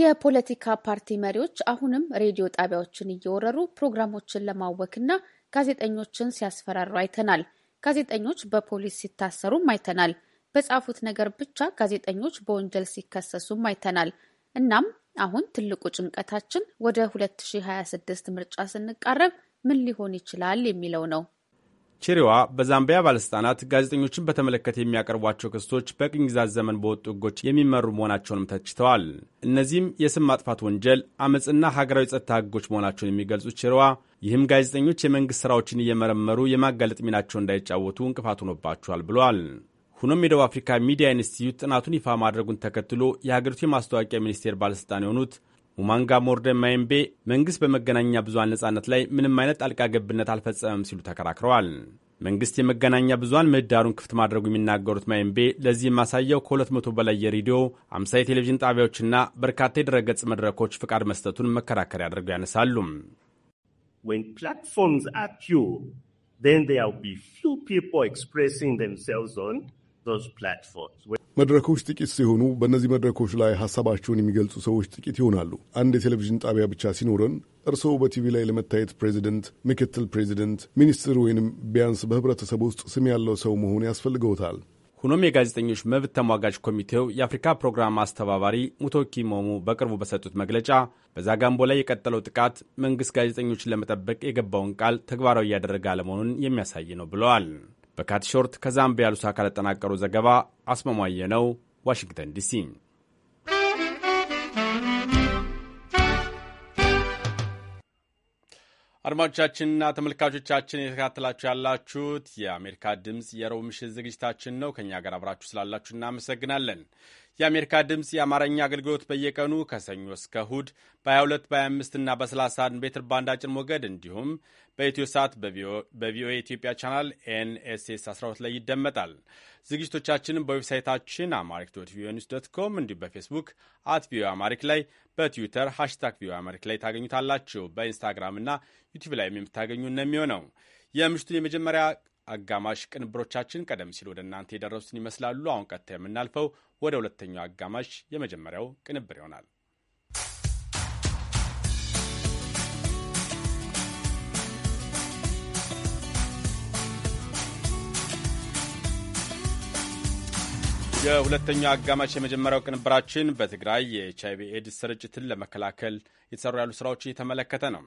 S10: የፖለቲካ ፓርቲ መሪዎች አሁንም ሬዲዮ ጣቢያዎችን እየወረሩ ፕሮግራሞችን ለማወክና ጋዜጠኞችን ሲያስፈራሩ አይተናል። ጋዜጠኞች በፖሊስ ሲታሰሩም አይተናል። በጻፉት ነገር ብቻ ጋዜጠኞች በወንጀል ሲከሰሱም አይተናል። እናም አሁን ትልቁ ጭንቀታችን ወደ 2026 ምርጫ ስንቃረብ ምን ሊሆን ይችላል የሚለው ነው።
S1: ቼሪዋ በዛምቢያ ባለሥልጣናት ጋዜጠኞችን በተመለከተ የሚያቀርቧቸው ክሶች በቅኝ ግዛት ዘመን በወጡ ሕጎች የሚመሩ መሆናቸውንም ተችተዋል። እነዚህም የስም ማጥፋት ወንጀል፣ አመፅና ሀገራዊ ጸጥታ ሕጎች መሆናቸውን የሚገልጹት ቼሪዋ ይህም ጋዜጠኞች የመንግሥት ሥራዎችን እየመረመሩ የማጋለጥ ሚናቸውን እንዳይጫወቱ እንቅፋት ሆኖባቸዋል ብሏል። ሆኖም የደቡብ አፍሪካ ሚዲያ ኢንስቲትዩት ጥናቱን ይፋ ማድረጉን ተከትሎ የሀገሪቱ የማስታወቂያ ሚኒስቴር ባለሥልጣን የሆኑት ሙማንጋ ሞርደ ማይምቤ መንግሥት በመገናኛ ብዙሃን ነጻነት ላይ ምንም አይነት ጣልቃ ገብነት አልፈጸመም ሲሉ ተከራክረዋል። መንግሥት የመገናኛ ብዙሃን ምህዳሩን ክፍት ማድረጉ የሚናገሩት ማይምቤ ለዚህ የማሳየው ከ200 በላይ የሬዲዮ 50 የቴሌቪዥን ጣቢያዎችና በርካታ የድረገጽ መድረኮች ፍቃድ መስጠቱን መከራከሪያ አድርገው ያነሳሉ።
S7: ፕላትፎርምስ
S9: መድረኮች ጥቂት ሲሆኑ በእነዚህ መድረኮች ላይ ሀሳባቸውን የሚገልጹ ሰዎች ጥቂት ይሆናሉ። አንድ የቴሌቪዥን ጣቢያ ብቻ ሲኖረን እርስዎ በቲቪ ላይ ለመታየት ፕሬዚደንት፣ ምክትል ፕሬዚደንት፣ ሚኒስትር ወይንም ቢያንስ በህብረተሰብ ውስጥ ስም ያለው ሰው መሆን ያስፈልገውታል።
S1: ሆኖም የጋዜጠኞች መብት ተሟጋጅ ኮሚቴው የአፍሪካ ፕሮግራም አስተባባሪ ሙቶኪ ሞሙ በቅርቡ በሰጡት መግለጫ በዛጋምቦ ላይ የቀጠለው ጥቃት መንግስት ጋዜጠኞችን ለመጠበቅ የገባውን ቃል ተግባራዊ እያደረገ አለመሆኑን የሚያሳይ ነው ብለዋል። በካትሾርት ከዛምቢያ ሉሳካ ካለጠናቀሩ ዘገባ አስማማየ ነው፣ ዋሽንግተን ዲሲ። አድማጮቻችንና ተመልካቾቻችን የተከታተላችሁ ያላችሁት የአሜሪካ ድምፅ የረቡዕ ምሽት ዝግጅታችን ነው። ከእኛ ጋር አብራችሁ ስላላችሁ እናመሰግናለን። የአሜሪካ ድምፅ የአማርኛ አገልግሎት በየቀኑ ከሰኞ እስከ እሁድ በ22 በ25 እና በ31 ሜትር ባንድ አጭር ሞገድ እንዲሁም በኢትዮ ሰዓት በቪኦኤ ኢትዮጵያ ቻናል ኤንኤስኤስ 12 ላይ ይደመጣል። ዝግጅቶቻችንም በዌብሳይታችን አማሪክ ዶት ቪኦኤ ኒውስ ዶት ኮም እንዲሁም በፌስቡክ አት ቪኦኤ አማሪክ ላይ በትዊተር ሃሽታግ ቪኦኤ አማሪክ ላይ ታገኙታላችሁ። በኢንስታግራም እና ዩቲዩብ ላይም የምታገኙ ነው የሚሆነው የምሽቱን የመጀመሪያ አጋማሽ ቅንብሮቻችን ቀደም ሲል ወደ እናንተ የደረሱትን ይመስላሉ። አሁን ቀጥታ የምናልፈው ወደ ሁለተኛው አጋማሽ የመጀመሪያው ቅንብር ይሆናል። የሁለተኛው አጋማሽ የመጀመሪያው ቅንብራችን በትግራይ የኤች አይቪ ኤድስ ስርጭትን ለመከላከል የተሰሩ ያሉ ስራዎች እየተመለከተ ነው።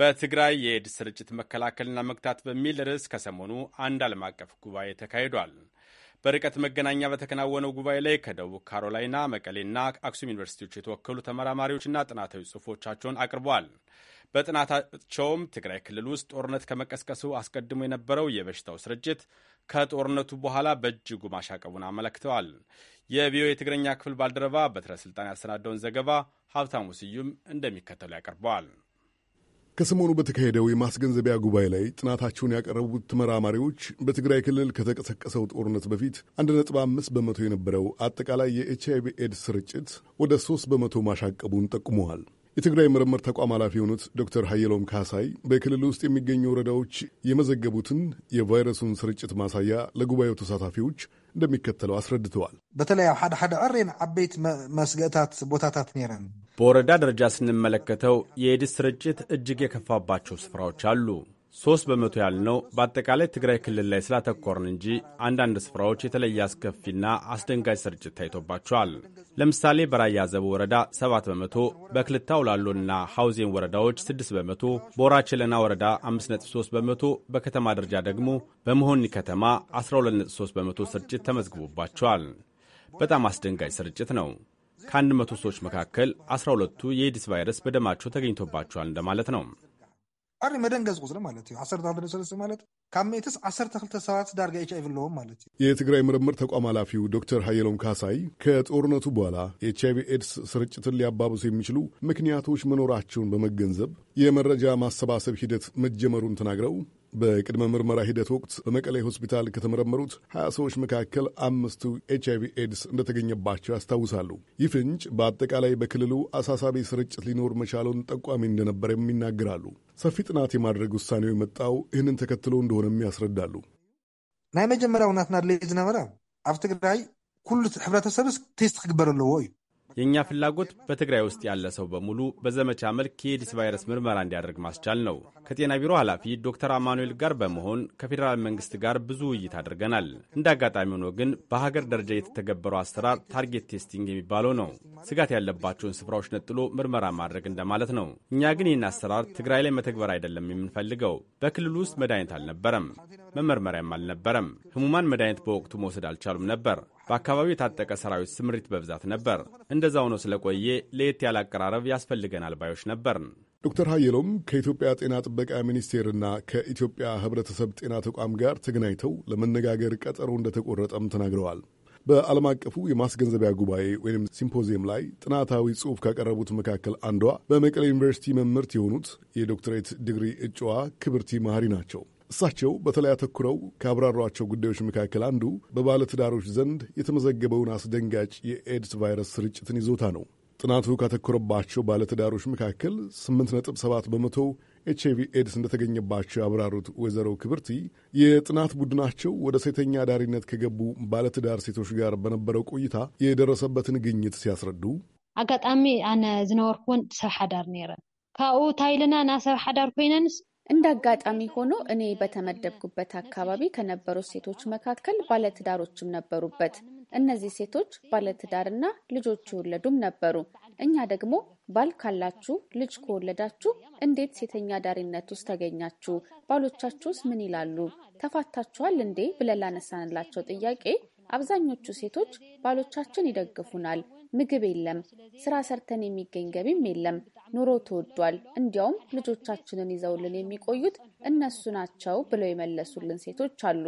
S1: በትግራይ የኤድስ ስርጭት መከላከልና መግታት በሚል ርዕስ ከሰሞኑ አንድ ዓለም አቀፍ ጉባኤ ተካሂዷል። በርቀት መገናኛ በተከናወነው ጉባኤ ላይ ከደቡብ ካሮላይና፣ መቀሌና አክሱም ዩኒቨርሲቲዎች የተወከሉ ተመራማሪዎችና ጥናታዊ ጽሑፎቻቸውን አቅርበዋል። በጥናታቸውም ትግራይ ክልል ውስጥ ጦርነት ከመቀስቀሱ አስቀድሞ የነበረው የበሽታው ስርጭት ከጦርነቱ በኋላ በእጅጉ ማሻቀቡን አመለክተዋል። የቪኦኤ የትግረኛ ክፍል ባልደረባ በትረ ስልጣን ያሰናደውን ዘገባ ሀብታሙ ስዩም እንደሚከተሉ ያቀርበዋል።
S9: ከሰሞኑ በተካሄደው የማስገንዘቢያ ጉባኤ ላይ ጥናታቸውን ያቀረቡት ተመራማሪዎች በትግራይ ክልል ከተቀሰቀሰው ጦርነት በፊት 1.5 በመቶ የነበረው አጠቃላይ የኤችአይቪ ኤድስ ስርጭት ወደ 3 በመቶ ማሻቀቡን ጠቁመዋል። የትግራይ ምርምር ተቋም ኃላፊ የሆኑት ዶክተር ሀየሎም ካሳይ በክልል ውስጥ የሚገኙ ወረዳዎች የመዘገቡትን የቫይረሱን ስርጭት ማሳያ ለጉባኤው ተሳታፊዎች እንደሚከተለው አስረድተዋል።
S3: በተለይ ኣብ ሓደ ሓደ ዕሬን ዓበይት መስገእታት ቦታታት ነይረን።
S1: በወረዳ ደረጃ ስንመለከተው የኤድስ ስርጭት እጅግ የከፋባቸው ስፍራዎች አሉ። ሶስት በመቶ ያልነው በአጠቃላይ ትግራይ ክልል ላይ ስላተኮርን እንጂ አንዳንድ ስፍራዎች የተለየ አስከፊና አስደንጋጭ ስርጭት ታይቶባቸዋል። ለምሳሌ በራያ ዘቡ ወረዳ 7 በመቶ፣ በክልታ ውላሎና ሐውዜን ወረዳዎች 6 በመቶ፣ በወራችለና ወረዳ 5.3 በመቶ፣ በከተማ ደረጃ ደግሞ በመሆኒ ከተማ 12.3 በመቶ ስርጭት ተመዝግቦባቸዋል። በጣም አስደንጋጭ ስርጭት ነው። ከአንድ መቶ ሰዎች መካከል 12ቱ የኤዲስ ቫይረስ በደማቸው ተገኝቶባቸዋል እንደማለት ነው።
S3: ዓሪ መደንገዝ ቁፅሪ ማለት እዩ 11 ማለት ካብ ሜትስ 12 ሰባት ዳርጋ ኤች ኣይቪ ኣለዎም ማለት
S9: እዩ የትግራይ ምርምር ተቋም ኃላፊው ዶክተር ሃየሎም ካሳይ ከጦርነቱ በኋላ ኤች ኣይቪ ኤድስ ስርጭትን ሊያባብሱ የሚችሉ ምክንያቶች መኖራቸውን በመገንዘብ የመረጃ ማሰባሰብ ሂደት መጀመሩን ተናግረው በቅድመ ምርመራ ሂደት ወቅት በመቀሌ ሆስፒታል ከተመረመሩት ሀያ ሰዎች መካከል አምስቱ ኤች አይቪ ኤድስ እንደተገኘባቸው ያስታውሳሉ። ይህ ፍንጭ በአጠቃላይ በክልሉ አሳሳቢ ስርጭት ሊኖር መቻሉን ጠቋሚ እንደነበረም ይናገራሉ። ሰፊ ጥናት የማድረግ ውሳኔው የመጣው ይህንን ተከትሎ እንደሆነም ያስረዳሉ።
S6: ናይ መጀመሪያ ውናትና ድሌ ዝነበረ
S9: ኣብ ትግራይ ኩሉ ሕብረተሰብስ ቴስት ክግበር ኣለዎ እዩ
S1: የእኛ ፍላጎት በትግራይ ውስጥ ያለ ሰው በሙሉ በዘመቻ መልክ የኤዲስ ቫይረስ ምርመራ እንዲያደርግ ማስቻል ነው። ከጤና ቢሮ ኃላፊ ዶክተር አማኑኤል ጋር በመሆን ከፌዴራል መንግስት ጋር ብዙ ውይይት አድርገናል። እንደ አጋጣሚ ሆኖ ግን በሀገር ደረጃ የተተገበረው አሰራር ታርጌት ቴስቲንግ የሚባለው ነው። ስጋት ያለባቸውን ስፍራዎች ነጥሎ ምርመራ ማድረግ እንደማለት ነው። እኛ ግን ይህን አሰራር ትግራይ ላይ መተግበር አይደለም የምንፈልገው። በክልሉ ውስጥ መድኃኒት አልነበረም፣ መመርመሪያም አልነበረም። ህሙማን መድኃኒት በወቅቱ መውሰድ አልቻሉም ነበር። በአካባቢው የታጠቀ ሰራዊት ስምሪት በብዛት ነበር። እንደዛ ሆኖ ስለቆየ ለየት ያለ አቀራረብ ያስፈልገናል ባዮች ነበርን።
S9: ዶክተር ሀየሎም ከኢትዮጵያ ጤና ጥበቃ ሚኒስቴርና ከኢትዮጵያ ሕብረተሰብ ጤና ተቋም ጋር ተገናኝተው ለመነጋገር ቀጠሮ እንደተቆረጠም ተናግረዋል። በዓለም አቀፉ የማስገንዘቢያ ጉባኤ ወይም ሲምፖዚየም ላይ ጥናታዊ ጽሑፍ ካቀረቡት መካከል አንዷ በመቀሌ ዩኒቨርሲቲ መምህርት የሆኑት የዶክትሬት ዲግሪ እጩዋ ክብርቲ ማህሪ ናቸው። እሳቸው በተለይ አተኩረው ካብራሯቸው ጉዳዮች መካከል አንዱ በባለትዳሮች ዘንድ የተመዘገበውን አስደንጋጭ የኤድስ ቫይረስ ስርጭትን ይዞታ ነው። ጥናቱ ካተኮረባቸው ባለትዳሮች መካከል 8.7 በመቶ ኤች አይቪ ኤድስ እንደተገኘባቸው ያብራሩት ወይዘሮ ክብርቲ የጥናት ቡድናቸው ወደ ሴተኛ አዳሪነት ከገቡ ባለትዳር ሴቶች ጋር በነበረው ቆይታ የደረሰበትን ግኝት ሲያስረዱ
S6: አጋጣሚ
S10: ኣነ እውን ሰብ ሓዳር ነይረን ካብኡ ታይልና ና ሰብ ሓዳር ኮይነንስ እንደ አጋጣሚ ሆኖ እኔ በተመደብኩበት አካባቢ ከነበሩ ሴቶች መካከል ባለትዳሮችም ነበሩበት። እነዚህ ሴቶች ባለትዳርና ልጆች የወለዱም ነበሩ። እኛ ደግሞ ባል ካላችሁ ልጅ ከወለዳችሁ እንዴት ሴተኛ ዳሪነት ውስጥ ተገኛችሁ? ባሎቻችሁስ ምን ይላሉ? ተፋታችኋል እንዴ? ብለን ላነሳንላቸው ጥያቄ አብዛኞቹ ሴቶች ባሎቻችን ይደግፉናል፣ ምግብ የለም፣ ስራ ሰርተን የሚገኝ ገቢም የለም፣ ኑሮ ተወዷል፣ እንዲያውም ልጆቻችንን ይዘውልን የሚቆዩት እነሱ ናቸው ብለው የመለሱልን ሴቶች አሉ።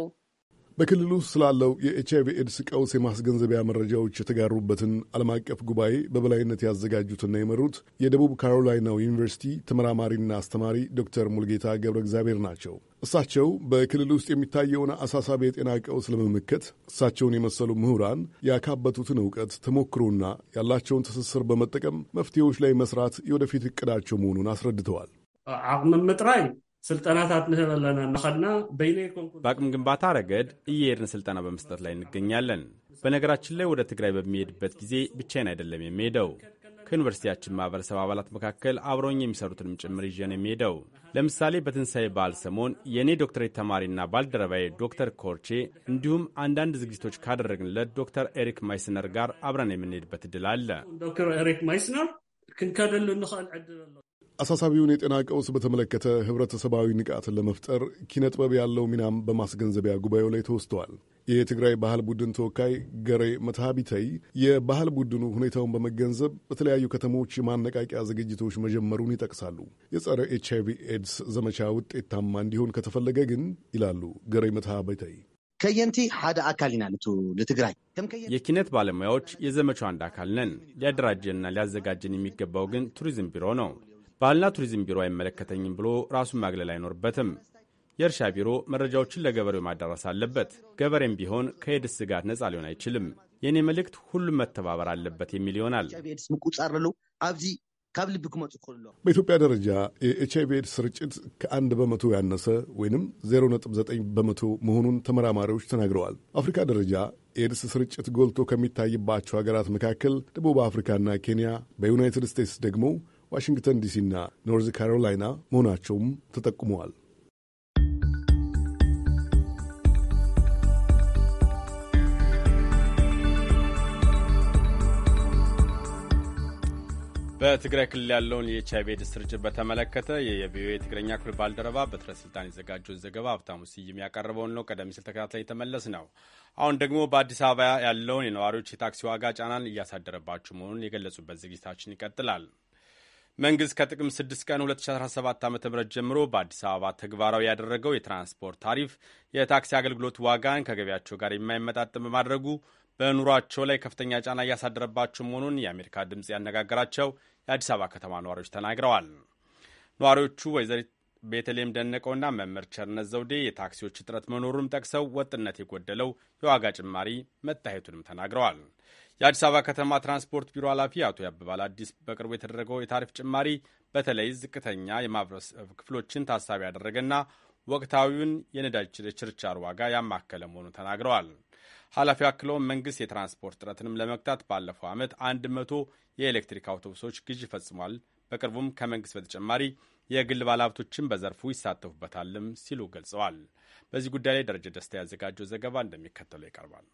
S9: በክልሉ ውስጥ ስላለው የኤችአይቪ ኤድስ ቀውስ የማስገንዘቢያ መረጃዎች የተጋሩበትን ዓለም አቀፍ ጉባኤ በበላይነት ያዘጋጁትና የመሩት የደቡብ ካሮላይናው ዩኒቨርሲቲ ተመራማሪና አስተማሪ ዶክተር ሙልጌታ ገብረ እግዚአብሔር ናቸው። እሳቸው በክልል ውስጥ የሚታየውን አሳሳቢ የጤና ቀውስ ለመመከት እሳቸውን የመሰሉ ምሁራን ያካበቱትን እውቀት ተሞክሮና ያላቸውን ትስስር በመጠቀም መፍትሄዎች ላይ መስራት የወደፊት እቅዳቸው መሆኑን አስረድተዋል።
S1: አቅምም ምጥራይ ስልጠናታት ንህበለና እናኸድና በይነ በአቅም ግንባታ ረገድ እየሄድን ስልጠና በመስጠት ላይ እንገኛለን። በነገራችን ላይ ወደ ትግራይ በሚሄድበት ጊዜ ብቻዬን አይደለም የሚሄደው ከዩኒቨርሲቲያችን ማህበረሰብ አባላት መካከል አብረኝ የሚሰሩትንም ጭምር ይዤ ነው የሚሄደው። ለምሳሌ በትንሣኤ በዓል ሰሞን የእኔ ዶክተሬት ተማሪና ባልደረባዬ ዶክተር ኮርቼ እንዲሁም አንዳንድ ዝግጅቶች ካደረግንለት ዶክተር ኤሪክ ማይስነር ጋር አብረን የምንሄድበት እድል አለ።
S7: ዶክተር ኤሪክ ማይስነር ክንከደሉ እንኽእል ዕድል
S9: አሳሳቢውን የጤና ቀውስ በተመለከተ ህብረተሰባዊ ንቃትን ለመፍጠር ኪነጥበብ ያለው ሚናም በማስገንዘቢያ ጉባኤው ላይ ተወስተዋል። የትግራይ ባህል ቡድን ተወካይ ገሬ መትሃቢተይ የባህል ቡድኑ ሁኔታውን በመገንዘብ በተለያዩ ከተሞች የማነቃቂያ ዝግጅቶች መጀመሩን ይጠቅሳሉ። የጸረ ኤች አይቪ ኤድስ ዘመቻ ውጤታማ እንዲሆን ከተፈለገ ግን ይላሉ ገሬ መትሃቢተይ ከየንቲ ሓደ አካል ኢና ንትግራይ
S1: የኪነት ባለሙያዎች የዘመቻው አንድ አካል ነን። ሊያደራጀንና ሊያዘጋጀን የሚገባው ግን ቱሪዝም ቢሮ ነው። ባህልና ቱሪዝም ቢሮ አይመለከተኝም ብሎ ራሱን ማግለል አይኖርበትም። የእርሻ ቢሮ መረጃዎችን ለገበሬው ማዳረስ አለበት። ገበሬም ቢሆን ከኤድስ ስጋት ነፃ ሊሆን አይችልም። የእኔ መልእክት ሁሉም መተባበር አለበት የሚል ይሆናል።
S9: በኢትዮጵያ ደረጃ የኤች አይቪ ኤድስ ስርጭት ከአንድ በመቶ ያነሰ ወይንም 0.9 በመቶ መሆኑን ተመራማሪዎች ተናግረዋል። አፍሪካ ደረጃ የኤድስ ስርጭት ጎልቶ ከሚታይባቸው ሀገራት መካከል ደቡብ አፍሪካና ኬንያ፣ በዩናይትድ ስቴትስ ደግሞ ዋሽንግተን ዲሲና ኖርዝ ካሮላይና መሆናቸውም ተጠቁመዋል።
S1: በትግራይ ክልል ያለውን የኤች አይቪ ኤድስ ስርጭት በተመለከተ የቪኦኤ ትግረኛ ክፍል ባልደረባ በትረ ስልጣን የዘጋጀውን ዘገባ ሀብታሙ ስይም ያቀረበውን ነው። ቀደም ሲል ተከታትለን የተመለስ ነው። አሁን ደግሞ በአዲስ አበባ ያለውን የነዋሪዎች የታክሲ ዋጋ ጫናን እያሳደረባቸው መሆኑን የገለጹበት ዝግጅታችን ይቀጥላል። መንግሥት ከጥቅም 6 ቀን 2017 ዓ ም ጀምሮ በአዲስ አበባ ተግባራዊ ያደረገው የትራንስፖርት ታሪፍ የታክሲ አገልግሎት ዋጋን ከገቢያቸው ጋር የማይመጣጠን በማድረጉ በኑሯቸው ላይ ከፍተኛ ጫና እያሳደረባቸው መሆኑን የአሜሪካ ድምፅ ያነጋገራቸው የአዲስ አበባ ከተማ ነዋሪዎች ተናግረዋል። ነዋሪዎቹ ወይዘሪት ቤተልሔም ደነቀውና መምህር ቸርነት ዘውዴ የታክሲዎች እጥረት መኖሩንም ጠቅሰው ወጥነት የጎደለው የዋጋ ጭማሪ መታየቱንም ተናግረዋል። የአዲስ አበባ ከተማ ትራንስፖርት ቢሮ ኃላፊ አቶ ያበባል አዲስ በቅርቡ የተደረገው የታሪፍ ጭማሪ በተለይ ዝቅተኛ የማህበረሰብ ክፍሎችን ታሳቢ ያደረገና ወቅታዊውን የነዳጅ ችርቻር ዋጋ ያማከለ መሆኑን ተናግረዋል። ኃላፊው አክለውም መንግሥት የትራንስፖርት ጥረትንም ለመግታት ባለፈው ዓመት አንድ መቶ የኤሌክትሪክ አውቶቡሶች ግዥ ፈጽሟል። በቅርቡም ከመንግሥት በተጨማሪ የግል ባለሀብቶችን በዘርፉ ይሳተፉበታልም ሲሉ ገልጸዋል። በዚህ ጉዳይ ላይ ደረጀ ደስታ ያዘጋጀው ዘገባ እንደሚከተለው ይቀርባል።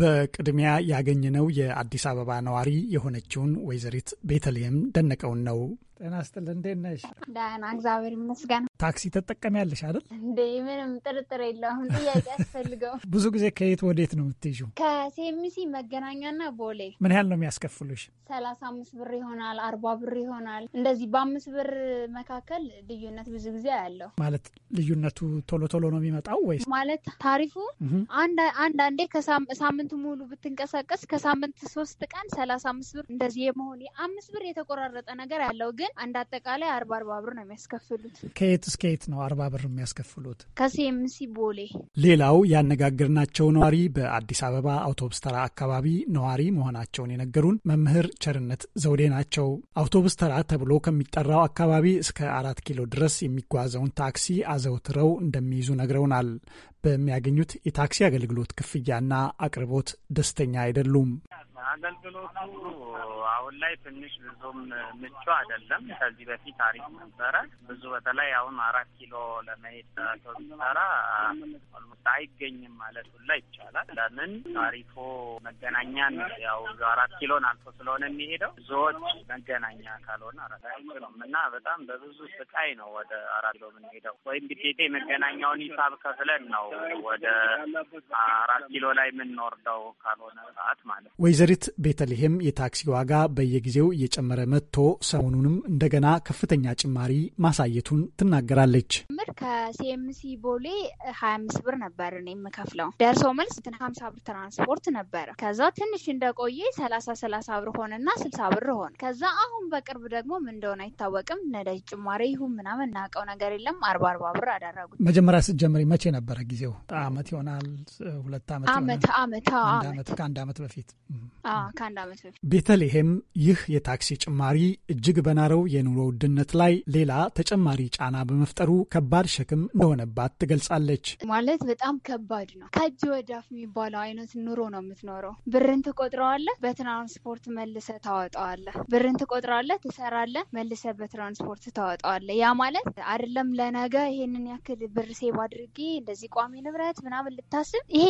S11: በቅድሚያ ያገኘነው የአዲስ አበባ ነዋሪ የሆነችውን ወይዘሪት ቤተልሔም ደነቀውን ነው።
S12: ጤና ስጥል፣ እንዴት ነሽ? ደህና እግዚአብሔር ይመስገን።
S11: ታክሲ ተጠቀሚያለሽ አይደል?
S12: እንዴ ምንም ጥርጥር የለውም። ጥያቄ ያስፈልገው።
S11: ብዙ ጊዜ ከየት ወዴት ነው የምትይዥው?
S12: ከሴሚሲ መገናኛና ቦሌ።
S11: ምን ያህል ነው የሚያስከፍሉሽ?
S12: ሰላሳ አምስት ብር ይሆናል፣ አርባ ብር ይሆናል። እንደዚህ በአምስት ብር መካከል ልዩነት ብዙ ጊዜ ያለው።
S11: ማለት ልዩነቱ ቶሎ ቶሎ ነው የሚመጣው ወይስ?
S12: ማለት ታሪፉ አንዳንዴ ሳምንት ሙሉ ብትንቀሳቀስ ከሳምንት ሶስት ቀን ሰላሳ አምስት ብር እንደዚህ የመሆን የአምስት ብር የተቆራረጠ ነገር ያለው ግን ግን አንድ አጠቃላይ አርባ አርባ ብር ነው የሚያስከፍሉት።
S11: ከየት እስከ የት ነው አርባ ብር የሚያስከፍሉት?
S12: ከሲኤምሲ ቦሌ።
S11: ሌላው ያነጋገርናቸው ነዋሪ በአዲስ አበባ አውቶቡስ ተራ አካባቢ ነዋሪ መሆናቸውን የነገሩን መምህር ቸርነት ዘውዴ ናቸው። አውቶቡስ ተራ ተብሎ ከሚጠራው አካባቢ እስከ አራት ኪሎ ድረስ የሚጓዘውን ታክሲ አዘውትረው እንደሚይዙ ነግረውናል። በሚያገኙት የታክሲ አገልግሎት ክፍያና አቅርቦት ደስተኛ አይደሉም።
S5: አገልግሎቱ አሁን ላይ ትንሽ ብዙም ምቹ አይደለም። ከዚህ በፊት አሪፍ ነበረ። ብዙ በተለይ አሁን አራት ኪሎ ለመሄድ ሰራ ኦልሞስት አይገኝም ማለት ሁላ ይቻላል። ለምን ታሪፎ መገናኛን ያው አራት ኪሎን አልፎ ስለሆነ የሚሄደው ብዙዎች መገናኛ ካልሆነ አራት ነው እና በጣም በብዙ ስቃይ ነው ወደ አራት ኪሎ የምንሄደው። ወይም ግዴታ የመገናኛውን ሂሳብ ከፍለን ነው ወደ አራት ኪሎ ላይ
S4: የምንወርደው ካልሆነ ሰዓት ማለት ነው።
S11: ወይዘሪት ቤተልሔም የታክሲ ዋጋ በየጊዜው እየጨመረ መጥቶ ሰሞኑንም እንደገና ከፍተኛ ጭማሪ ማሳየቱን ትናገራለች።
S12: ምር ከሲኤምሲ ቦሌ ሀያ አምስት ብር ነበር እኔ የምከፍለው ደርሶ መልስ ሀምሳ ብር ትራንስፖርት ነበረ። ከዛ ትንሽ እንደቆየ ሰላሳ ሰላሳ ብር ሆነና ስልሳ ብር ሆነ። ከዛ አሁን በቅርብ ደግሞ ምን እንደሆነ አይታወቅም ነዳጅ ጭማሪ ይሁን ምናምን እናውቀው ነገር የለም አርባ አርባ ብር አደረጉት።
S11: መጀመሪያ ስትጀምሪ መቼ ነበረ ጊዜ ጊዜው አመት ይሆናል ሁለት ዓመት አመት አመት አመት ከአንድ ዓመት በፊት ከአንድ ዓመት በፊት ቤተልሔም፣ ይህ የታክሲ ጭማሪ እጅግ በናረው የኑሮ ውድነት ላይ ሌላ ተጨማሪ ጫና በመፍጠሩ ከባድ ሸክም እንደሆነባት ትገልጻለች።
S12: ማለት በጣም ከባድ ነው። ከእጅ ወዳፍ የሚባለው አይነት ኑሮ ነው የምትኖረው። ብርን ትቆጥረዋለህ፣ በትራንስፖርት መልሰ ታወጣዋለህ። ብርን ትቆጥረዋለህ፣ ትሰራለህ፣ መልሰ በትራንስፖርት ታወጣዋለህ። ያ ማለት አይደለም ለነገ ይሄንን ያክል ብር ሴብ አድርጌ እንደዚህ ቋሚ ቋሚ ንብረት ምናምን ልታስብ ይሄ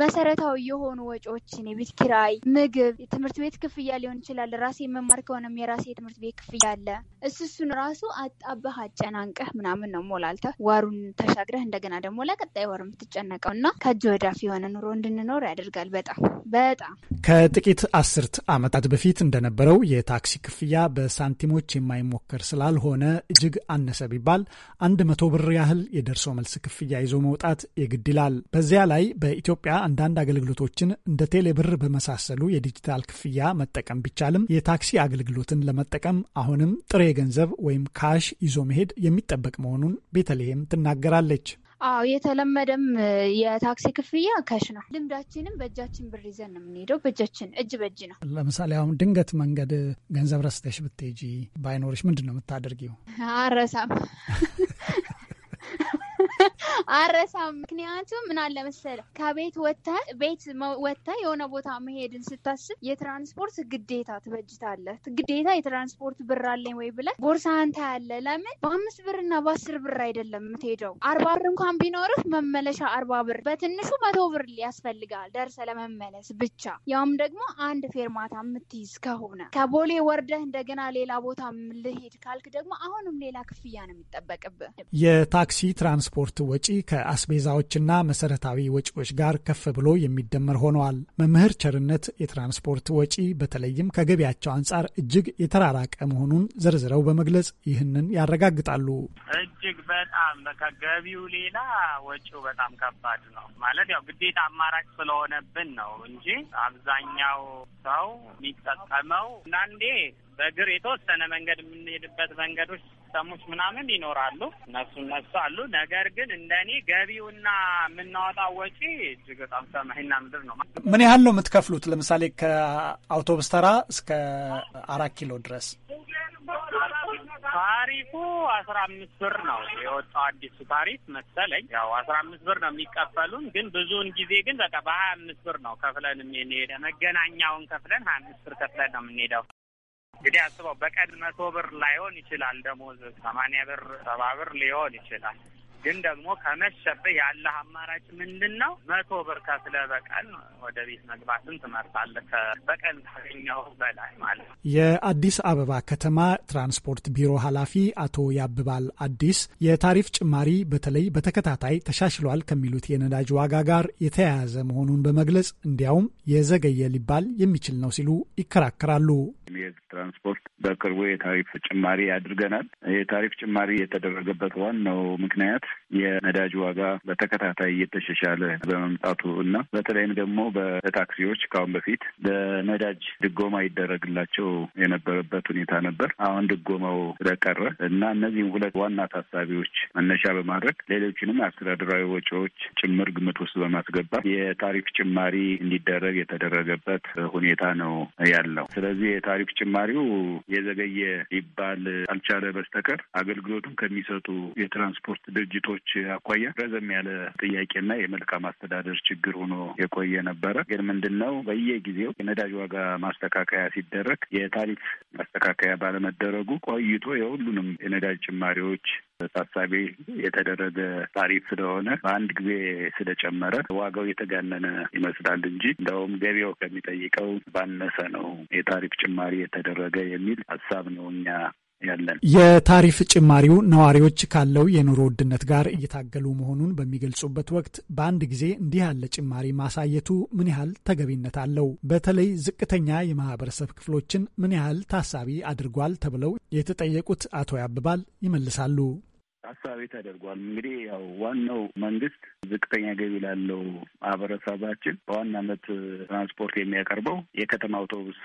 S12: መሰረታዊ የሆኑ ወጪዎችን የቤት ኪራይ፣ ምግብ፣ የትምህርት ቤት ክፍያ ሊሆን ይችላል። ራሴ መማር ከሆነም የራሴ የትምህርት ቤት ክፍያ አለ። እሱሱን ራሱ አጣበህ አጨናንቀህ ምናምን ነው ሞላልተ ወሩን ተሻግረህ እንደገና ደግሞ ለቀጣይ ወር የምትጨነቀው እና ከእጅ ወዳፍ የሆነ ኑሮ እንድንኖር ያደርጋል። በጣም በጣም
S11: ከጥቂት አስርት ዓመታት በፊት እንደነበረው የታክሲ ክፍያ በሳንቲሞች የማይሞከር ስላልሆነ እጅግ አነሰ ቢባል አንድ መቶ ብር ያህል የደርሶ መልስ ክፍያ ይዞ መውጣት የግድ ይላል። በዚያ ላይ በኢትዮጵያ አንዳንድ አገልግሎቶችን እንደ ቴሌብር በመሳሰሉ የዲጂታል ክፍያ መጠቀም ቢቻልም የታክሲ አገልግሎትን ለመጠቀም አሁንም ጥሬ ገንዘብ ወይም ካሽ ይዞ መሄድ የሚጠበቅ መሆኑን ቤተልሔም ትናገራለች።
S12: አዎ የተለመደም የታክሲ ክፍያ ካሽ ነው። ልምዳችንም በእጃችን ብር ይዘን ነው የምንሄደው። በእጃችን እጅ በእጅ ነው።
S11: ለምሳሌ አሁን ድንገት መንገድ ገንዘብ ረስተሽ ብትሄጂ ባይኖርሽ ምንድን ነው የምታደርጊው?
S12: አረሳም አረሳ። ምክንያቱም ምን አለ መሰለ ከቤት ወጥተህ ቤት ወጥተህ የሆነ ቦታ መሄድን ስታስብ የትራንስፖርት ግዴታ ትበጅታለህ። ግዴታ የትራንስፖርት ብር አለኝ ወይ ብለህ ቦርሳህን ያለ ለምን በአምስት ብር በአስር ብር አይደለም የምትሄደው። አርባ ብር እንኳን ቢኖርህ መመለሻ አርባ ብር፣ በትንሹ መቶ ብር ያስፈልጋል ደርሰ ለመመለስ ብቻ። ያውም ደግሞ አንድ ፌርማታ የምትይዝ ከሆነ ከቦሌ ወርደህ እንደገና ሌላ ቦታ ልሄድ ካልክ ደግሞ አሁንም ሌላ ክፍያ ነው የሚጠበቅብህ
S11: የታክሲ ትራንስፖርት ወጪ ከአስቤዛዎችና መሰረታዊ ወጪዎች ጋር ከፍ ብሎ የሚደመር ሆነዋል። መምህር ቸርነት የትራንስፖርት ወጪ በተለይም ከገቢያቸው አንጻር እጅግ የተራራቀ መሆኑን ዘርዝረው በመግለጽ ይህንን ያረጋግጣሉ። እጅግ
S5: በጣም በቃ ሌላ ወጪው በጣም ከባድ ነው። ማለት ያው ግዴታ አማራጭ ስለሆነብን ነው እንጂ አብዛኛው ሰው የሚጠቀመው እናንዴ በእግር የተወሰነ መንገድ የምንሄድበት መንገዶች ሲስተሞች ምናምን ይኖራሉ። እነሱ እነሱ አሉ። ነገር ግን እንደኔ ገቢውና የምናወጣው ወጪ እጅግ በጣም ሰማይና ምድር ነው።
S11: ምን ያህል ነው የምትከፍሉት? ለምሳሌ ከአውቶቡስ ተራ እስከ አራት ኪሎ
S5: ድረስ ታሪፉ አስራ አምስት ብር ነው የወጣው አዲሱ ታሪፍ መሰለኝ። ያው አስራ አምስት ብር ነው የሚቀበሉን፣ ግን ብዙውን ጊዜ ግን በቃ በሀያ አምስት ብር ነው ከፍለን የምንሄደ መገናኛውን ከፍለን ሀያ አምስት ብር ከፍለን ነው የምንሄደው። እንግዲህ አስበው በቀን መቶ ብር ላይሆን ይችላል ደሞዝ፣ ሰማንያ ብር ሰባ ብር ሊሆን ይችላል። ግን ደግሞ ከመሸብህ ያለህ አማራጭ ምንድን ነው? መቶ ብር ከፍለህ በቀን ወደ ቤት መግባትን ትመርጣለህ። በቀን ካገኘው በላይ ማለት ነው።
S11: የአዲስ አበባ ከተማ ትራንስፖርት ቢሮ ኃላፊ አቶ ያብባል አዲስ የታሪፍ ጭማሪ በተለይ በተከታታይ ተሻሽሏል ከሚሉት የነዳጅ ዋጋ ጋር የተያያዘ መሆኑን በመግለጽ እንዲያውም የዘገየ ሊባል የሚችል ነው ሲሉ ይከራከራሉ።
S4: ትራንስፖርት በቅርቡ የታሪፍ ጭማሪ አድርገናል። የታሪፍ ጭማሪ የተደረገበት ዋናው ምክንያት የነዳጅ ዋጋ በተከታታይ እየተሻሻለ በመምጣቱ እና በተለይም ደግሞ በታክሲዎች ከአሁን በፊት ለነዳጅ ድጎማ ይደረግላቸው የነበረበት ሁኔታ ነበር። አሁን ድጎማው ስለቀረ እና እነዚህም ሁለት ዋና ታሳቢዎች መነሻ በማድረግ ሌሎችንም አስተዳደራዊ ወጪዎች ጭምር ግምት ውስጥ በማስገባት የታሪፍ ጭማሪ እንዲደረግ የተደረገበት ሁኔታ ነው ያለው። ስለዚህ የታሪፍ ጭማሪው የዘገየ ሊባል አልቻለ በስተቀር አገልግሎቱን ከሚሰጡ የትራንስፖርት ድርጅ ድርጅቶች አኳያ ረዘም ያለ ጥያቄና የመልካም አስተዳደር ችግር ሆኖ የቆየ ነበረ። ግን ምንድን ነው በየጊዜው የነዳጅ ዋጋ ማስተካከያ ሲደረግ የታሪፍ ማስተካከያ ባለመደረጉ ቆይቶ የሁሉንም የነዳጅ ጭማሪዎች ታሳቢ የተደረገ ታሪፍ ስለሆነ በአንድ ጊዜ ስለጨመረ ዋጋው የተጋነነ ይመስላል እንጂ እንደውም ገቢያው ከሚጠይቀው ባነሰ ነው የታሪፍ ጭማሪ የተደረገ የሚል ሀሳብ ነው እኛ ያለን።
S11: የታሪፍ ጭማሪው ነዋሪዎች ካለው የኑሮ ውድነት ጋር እየታገሉ መሆኑን በሚገልጹበት ወቅት በአንድ ጊዜ እንዲህ ያለ ጭማሪ ማሳየቱ ምን ያህል ተገቢነት አለው? በተለይ ዝቅተኛ የማህበረሰብ ክፍሎችን ምን ያህል ታሳቢ አድርጓል? ተብለው የተጠየቁት አቶ ያብባል ይመልሳሉ።
S4: ታሳቢ ተደርጓል። እንግዲህ ያው ዋናው መንግስት ዝቅተኛ ገቢ ላለው ማህበረሰባችን በዋናነት ትራንስፖርት የሚያቀርበው የከተማ አውቶቡስ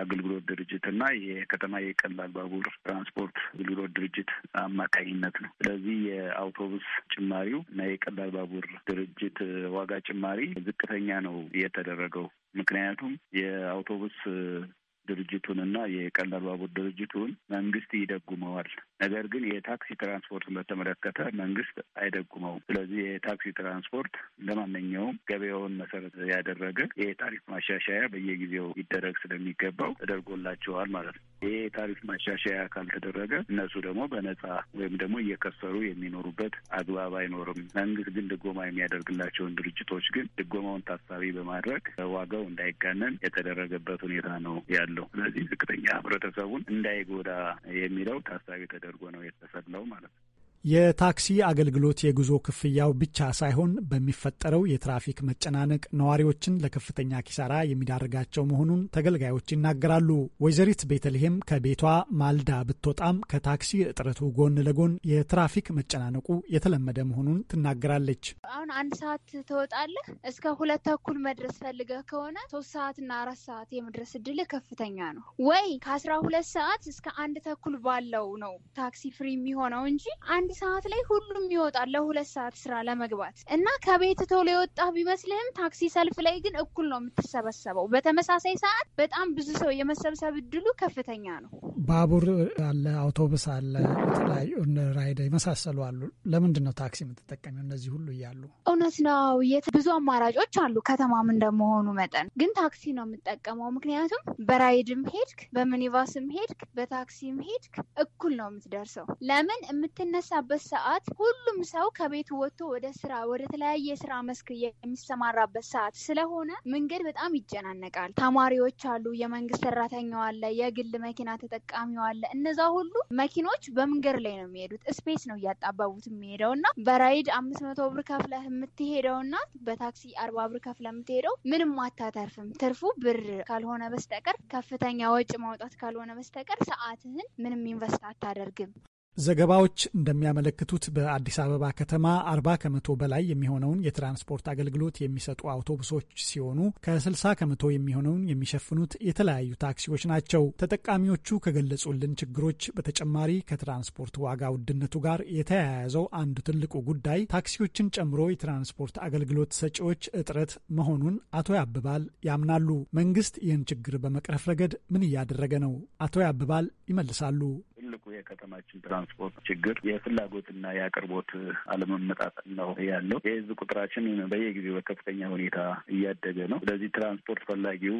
S4: አገልግሎት ድርጅት እና የከተማ የቀላል ባቡር ትራንስፖርት አገልግሎት ድርጅት አማካኝነት ነው። ስለዚህ የአውቶቡስ ጭማሪው እና የቀላል ባቡር ድርጅት ዋጋ ጭማሪ ዝቅተኛ ነው የተደረገው። ምክንያቱም የአውቶቡስ ድርጅቱንና የቀላል ባቡር ድርጅቱን መንግስት ይደጉመዋል። ነገር ግን የታክሲ ትራንስፖርትን በተመለከተ መንግስት አይደጉመውም። ስለዚህ የታክሲ ትራንስፖርት ለማንኛውም ገበያውን መሰረት ያደረገ የታሪፍ ማሻሻያ በየጊዜው ይደረግ ስለሚገባው ተደርጎላቸዋል ማለት ነው። ይሄ የታሪፍ ማሻሻያ ካልተደረገ እነሱ ደግሞ በነጻ ወይም ደግሞ እየከሰሩ የሚኖሩበት አግባብ አይኖርም። መንግስት ግን ድጎማ የሚያደርግላቸውን ድርጅቶች ግን ድጎማውን ታሳቢ በማድረግ ዋጋው እንዳይጋነን የተደረገበት ሁኔታ ነው ያለ ያለው። ስለዚህ ዝቅተኛ ህብረተሰቡን እንዳይጎዳ የሚለው ታሳቢ ተደርጎ ነው የተሰላው ማለት ነው።
S11: የታክሲ አገልግሎት የጉዞ ክፍያው ብቻ ሳይሆን በሚፈጠረው የትራፊክ መጨናነቅ ነዋሪዎችን ለከፍተኛ ኪሳራ የሚዳርጋቸው መሆኑን ተገልጋዮች ይናገራሉ። ወይዘሪት ቤተልሔም ከቤቷ ማልዳ ብትወጣም ከታክሲ እጥረቱ ጎን ለጎን የትራፊክ መጨናነቁ የተለመደ መሆኑን ትናገራለች።
S12: አሁን አንድ ሰዓት ትወጣለህ። እስከ ሁለት ተኩል መድረስ ፈልገህ ከሆነ ሶስት ሰዓትና አራት ሰዓት የመድረስ እድልህ ከፍተኛ ነው። ወይ ከአስራ ሁለት ሰዓት እስከ አንድ ተኩል ባለው ነው ታክሲ ፍሪ የሚሆነው እንጂ አንድ አንድ ሰዓት ላይ ሁሉም ይወጣል ለሁለት ሰዓት ስራ ለመግባት እና ከቤት ቶሎ የወጣ ቢመስልህም ታክሲ ሰልፍ ላይ ግን እኩል ነው የምትሰበሰበው። በተመሳሳይ ሰዓት በጣም ብዙ ሰው የመሰብሰብ እድሉ ከፍተኛ ነው።
S11: ባቡር አለ፣ አውቶቡስ አለ፣ የተለያዩ ራይድ የመሳሰሉ አሉ። ለምንድን ነው ታክሲ የምትጠቀሚው እነዚህ ሁሉ እያሉ?
S12: እውነት ነው ብዙ አማራጮች አሉ። ከተማም እንደመሆኑ መጠን ግን ታክሲ ነው የምጠቀመው። ምክንያቱም በራይድም ሄድክ፣ በሚኒባስም ሄድክ፣ በታክሲም ሄድክ እኩል ነው የምትደርሰው። ለምን የምትነሳ በምንሰራበት ሰዓት ሁሉም ሰው ከቤት ወጥቶ ወደ ስራ ወደ ተለያየ ስራ መስክ የሚሰማራበት ሰዓት ስለሆነ መንገድ በጣም ይጨናነቃል። ተማሪዎች አሉ፣ የመንግስት ሰራተኛው አለ፣ የግል መኪና ተጠቃሚው አለ። እነዛ ሁሉ መኪኖች በመንገድ ላይ ነው የሚሄዱት። ስፔስ ነው እያጣባቡት የሚሄደው እና በራይድ አምስት መቶ ብር ከፍለህ የምትሄደው እና በታክሲ አርባ ብር ከፍለህ የምትሄደው ምንም አታተርፍም። ትርፉ ብር ካልሆነ በስተቀር ከፍተኛ ወጪ ማውጣት ካልሆነ በስተቀር ሰዓትህን ምንም ኢንቨስት አታደርግም።
S11: ዘገባዎች እንደሚያመለክቱት በአዲስ አበባ ከተማ 40 ከመቶ በላይ የሚሆነውን የትራንስፖርት አገልግሎት የሚሰጡ አውቶቡሶች ሲሆኑ ከ60 ከመቶ የሚሆነውን የሚሸፍኑት የተለያዩ ታክሲዎች ናቸው። ተጠቃሚዎቹ ከገለጹልን ችግሮች በተጨማሪ ከትራንስፖርት ዋጋ ውድነቱ ጋር የተያያዘው አንዱ ትልቁ ጉዳይ ታክሲዎችን ጨምሮ የትራንስፖርት አገልግሎት ሰጪዎች እጥረት መሆኑን አቶ ያብባል ያምናሉ። መንግስት ይህን ችግር በመቅረፍ ረገድ ምን እያደረገ ነው? አቶ ያብባል ይመልሳሉ።
S4: ትልቁ የከተማችን ትራንስፖርት ችግር የፍላጎትና የአቅርቦት አለመመጣጠን ነው ያለው። የህዝብ ቁጥራችን በየጊዜው በከፍተኛ ሁኔታ እያደገ ነው። ስለዚህ ትራንስፖርት ፈላጊው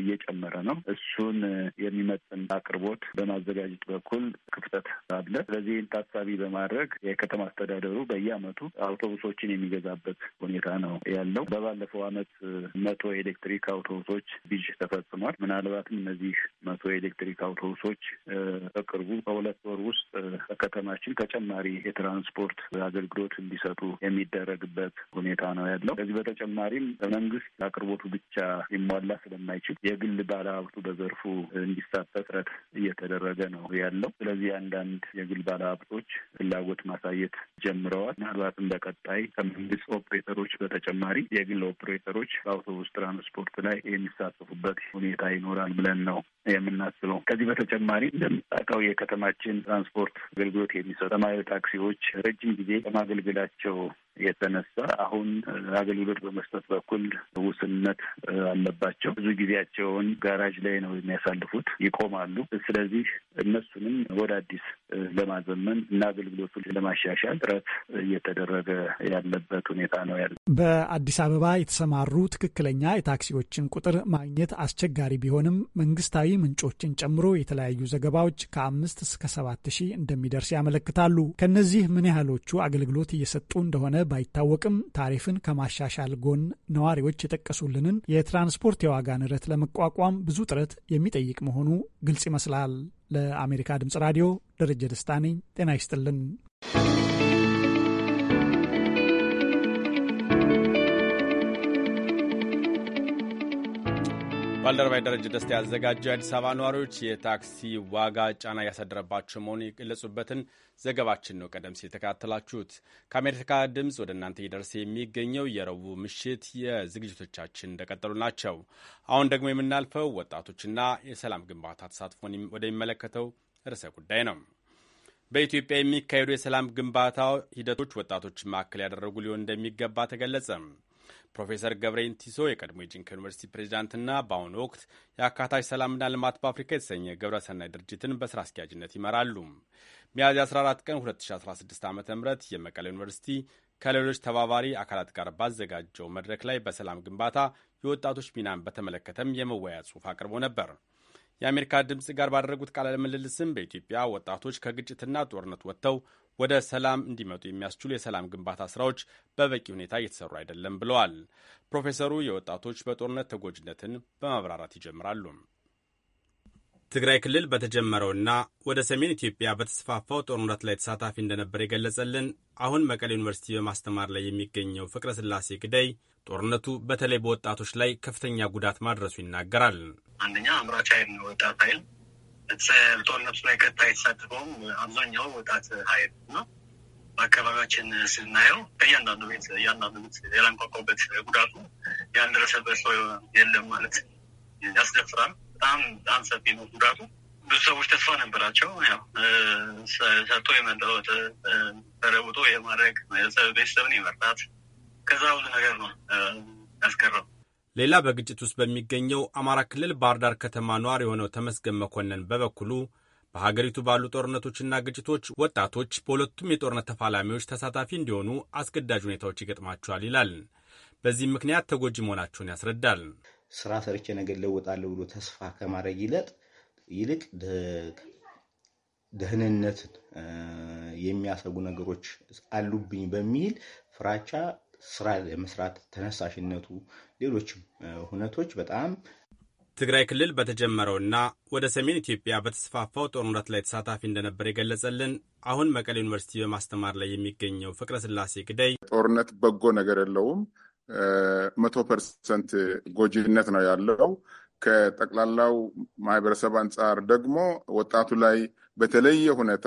S4: እየጨመረ ነው። እሱን የሚመጥን አቅርቦት በማዘጋጀት በኩል ክፍተት አለ። ስለዚህ ይህን ታሳቢ በማድረግ የከተማ አስተዳደሩ በየአመቱ አውቶቡሶችን የሚገዛበት ሁኔታ ነው ያለው። በባለፈው አመት መቶ ኤሌክትሪክ አውቶቡሶች ግዥ ተፈጽሟል። ምናልባትም እነዚህ መቶ ኤሌክትሪክ አውቶቡሶች በቅርቡ በሁለት ወር ውስጥ ከተማችን ተጨማሪ የትራንስፖርት አገልግሎት እንዲሰጡ የሚደረግበት ሁኔታ ነው ያለው። ከዚህ በተጨማሪም በመንግስት አቅርቦቱ ብቻ ሊሟላ ስለማይችል የግል ባለሀብቱ በዘርፉ እንዲሳተፍ ጥረት እየተደረገ ነው ያለው። ስለዚህ አንዳንድ የግል ባለሀብቶች ፍላጎት ማሳየት ጀምረዋል። ምናልባትም በቀጣይ ከመንግስት ኦፕሬተሮች በተጨማሪ የግል ኦፕሬተሮች በአውቶቡስ ትራንስፖርት ላይ የሚሳተፉበት ሁኔታ ይኖራል ብለን ነው የምናስበው። ከዚህ በተጨማሪ እንደምታውቀው የከተ ለከተማችን ትራንስፖርት አገልግሎት የሚሰጡ ሰማያዊ ታክሲዎች ረጅም ጊዜ በማገልገላቸው የተነሳ አሁን አገልግሎት በመስጠት በኩል ውስንነት አለባቸው። ብዙ ጊዜያቸውን ጋራጅ ላይ ነው የሚያሳልፉት፣ ይቆማሉ። ስለዚህ እነሱንም ወደ አዲስ ለማዘመን እና አገልግሎቱን ለማሻሻል ጥረት እየተደረገ ያለበት ሁኔታ ነው ያለ።
S11: በአዲስ አበባ የተሰማሩ ትክክለኛ የታክሲዎችን ቁጥር ማግኘት አስቸጋሪ ቢሆንም መንግስታዊ ምንጮችን ጨምሮ የተለያዩ ዘገባዎች ከአምስት እስከ ሰባት ሺህ እንደሚደርስ ያመለክታሉ። ከነዚህ ምን ያህሎቹ አገልግሎት እየሰጡ እንደሆነ ባይታወቅም ታሪፍን ከማሻሻል ጎን ነዋሪዎች የጠቀሱልንን የትራንስፖርት የዋጋ ንረት ለመቋቋም ብዙ ጥረት የሚጠይቅ መሆኑ ግልጽ ይመስላል። ለአሜሪካ ድምጽ ራዲዮ ደረጀ ደስታ ነኝ። ጤና ይስጥልን።
S1: ባልደረባይ ደረጃ ደስታ ያዘጋጀው የአዲስ አበባ ነዋሪዎች የታክሲ ዋጋ ጫና እያሳደረባቸው መሆኑ የገለጹበትን ዘገባችን ነው ቀደም ሲል የተከታተላችሁት። ከአሜሪካ ድምፅ ወደ እናንተ እየደረሰ የሚገኘው የረቡዕ ምሽት የዝግጅቶቻችን እንደቀጠሉ ናቸው። አሁን ደግሞ የምናልፈው ወጣቶችና የሰላም ግንባታ ተሳትፎን ወደሚመለከተው ርዕሰ ጉዳይ ነው። በኢትዮጵያ የሚካሄዱ የሰላም ግንባታ ሂደቶች ወጣቶችን ማዕከል ያደረጉ ሊሆን እንደሚገባ ተገለጸ። ፕሮፌሰር ገብረይን ቲሶ የቀድሞ የጂንካ ዩኒቨርሲቲ ፕሬዚዳንትና በአሁኑ ወቅት የአካታች ሰላምና ልማት በአፍሪካ የተሰኘ ግብረ ሰናይ ድርጅትን በስራ አስኪያጅነት ይመራሉ። ሚያዝያ 14 ቀን 2016 ዓ ም የመቀሌ ዩኒቨርሲቲ ከሌሎች ተባባሪ አካላት ጋር ባዘጋጀው መድረክ ላይ በሰላም ግንባታ የወጣቶች ሚናን በተመለከተም የመወያያ ጽሑፍ አቅርቦ ነበር። የአሜሪካ ድምፅ ጋር ባደረጉት ቃለ ምልልስም በኢትዮጵያ ወጣቶች ከግጭትና ጦርነት ወጥተው ወደ ሰላም እንዲመጡ የሚያስችሉ የሰላም ግንባታ ስራዎች በበቂ ሁኔታ እየተሰሩ አይደለም ብለዋል። ፕሮፌሰሩ የወጣቶች በጦርነት ተጎጂነትን በማብራራት ይጀምራሉ። ትግራይ ክልል በተጀመረውና ወደ ሰሜን ኢትዮጵያ በተስፋፋው ጦርነት ላይ ተሳታፊ እንደነበር የገለጸልን አሁን መቀሌ ዩኒቨርሲቲ በማስተማር ላይ የሚገኘው ፍቅረ ስላሴ ግዳይ ጦርነቱ በተለይ በወጣቶች ላይ ከፍተኛ ጉዳት ማድረሱ ይናገራል።
S5: አንደኛ አምራች ኃይል ወጣት ኃይል ጦርነቱ ላይ ቀጥታ የተሳተፈውም አብዛኛው ወጣት ሀይል ነው። በአካባቢያችን ስናየው ከእያንዳንዱ ቤት እያንዳንዱ ቤት ያላንቋቋበት ጉዳቱ ያልደረሰበት ሰው የለም ማለት ያስደፍራል። በጣም በጣም ሰፊ ነው ጉዳቱ። ብዙ ሰዎች ተስፋ ነበራቸው። ያው ሰጥቶ የመለወጥ ተለውጦ የማድረግ
S1: ቤተሰብን የመርዳት ከዛ ሁሉ ነገር ነው ያስቀረው። ሌላ በግጭት ውስጥ በሚገኘው አማራ ክልል ባህር ዳር ከተማ ኗር የሆነው ተመስገን መኮንን በበኩሉ በሀገሪቱ ባሉ ጦርነቶችና ግጭቶች ወጣቶች በሁለቱም የጦርነት ተፋላሚዎች ተሳታፊ እንዲሆኑ አስገዳጅ ሁኔታዎች ይገጥማቸዋል ይላል። በዚህም ምክንያት ተጎጂ መሆናቸውን ያስረዳል።
S2: ስራ ሰርቼ ነገር ለወጣለሁ ብሎ ተስፋ ከማድረግ ይለጥ ይልቅ ደህንነትን የሚያሰጉ ነገሮች አሉብኝ በሚል ፍራቻ ስራ የመስራት ተነሳሽነቱ፣ ሌሎችም ሁነቶች በጣም
S1: ትግራይ ክልል በተጀመረውና ወደ ሰሜን ኢትዮጵያ በተስፋፋው ጦርነት ላይ ተሳታፊ እንደነበር የገለጸልን አሁን መቀሌ ዩኒቨርሲቲ በማስተማር ላይ የሚገኘው ፍቅረ ስላሴ ግደይ
S13: ጦርነት በጎ ነገር የለውም፣ መቶ ፐርሰንት ጎጂነት ነው ያለው። ከጠቅላላው ማህበረሰብ አንጻር ደግሞ ወጣቱ ላይ በተለየ ሁኔታ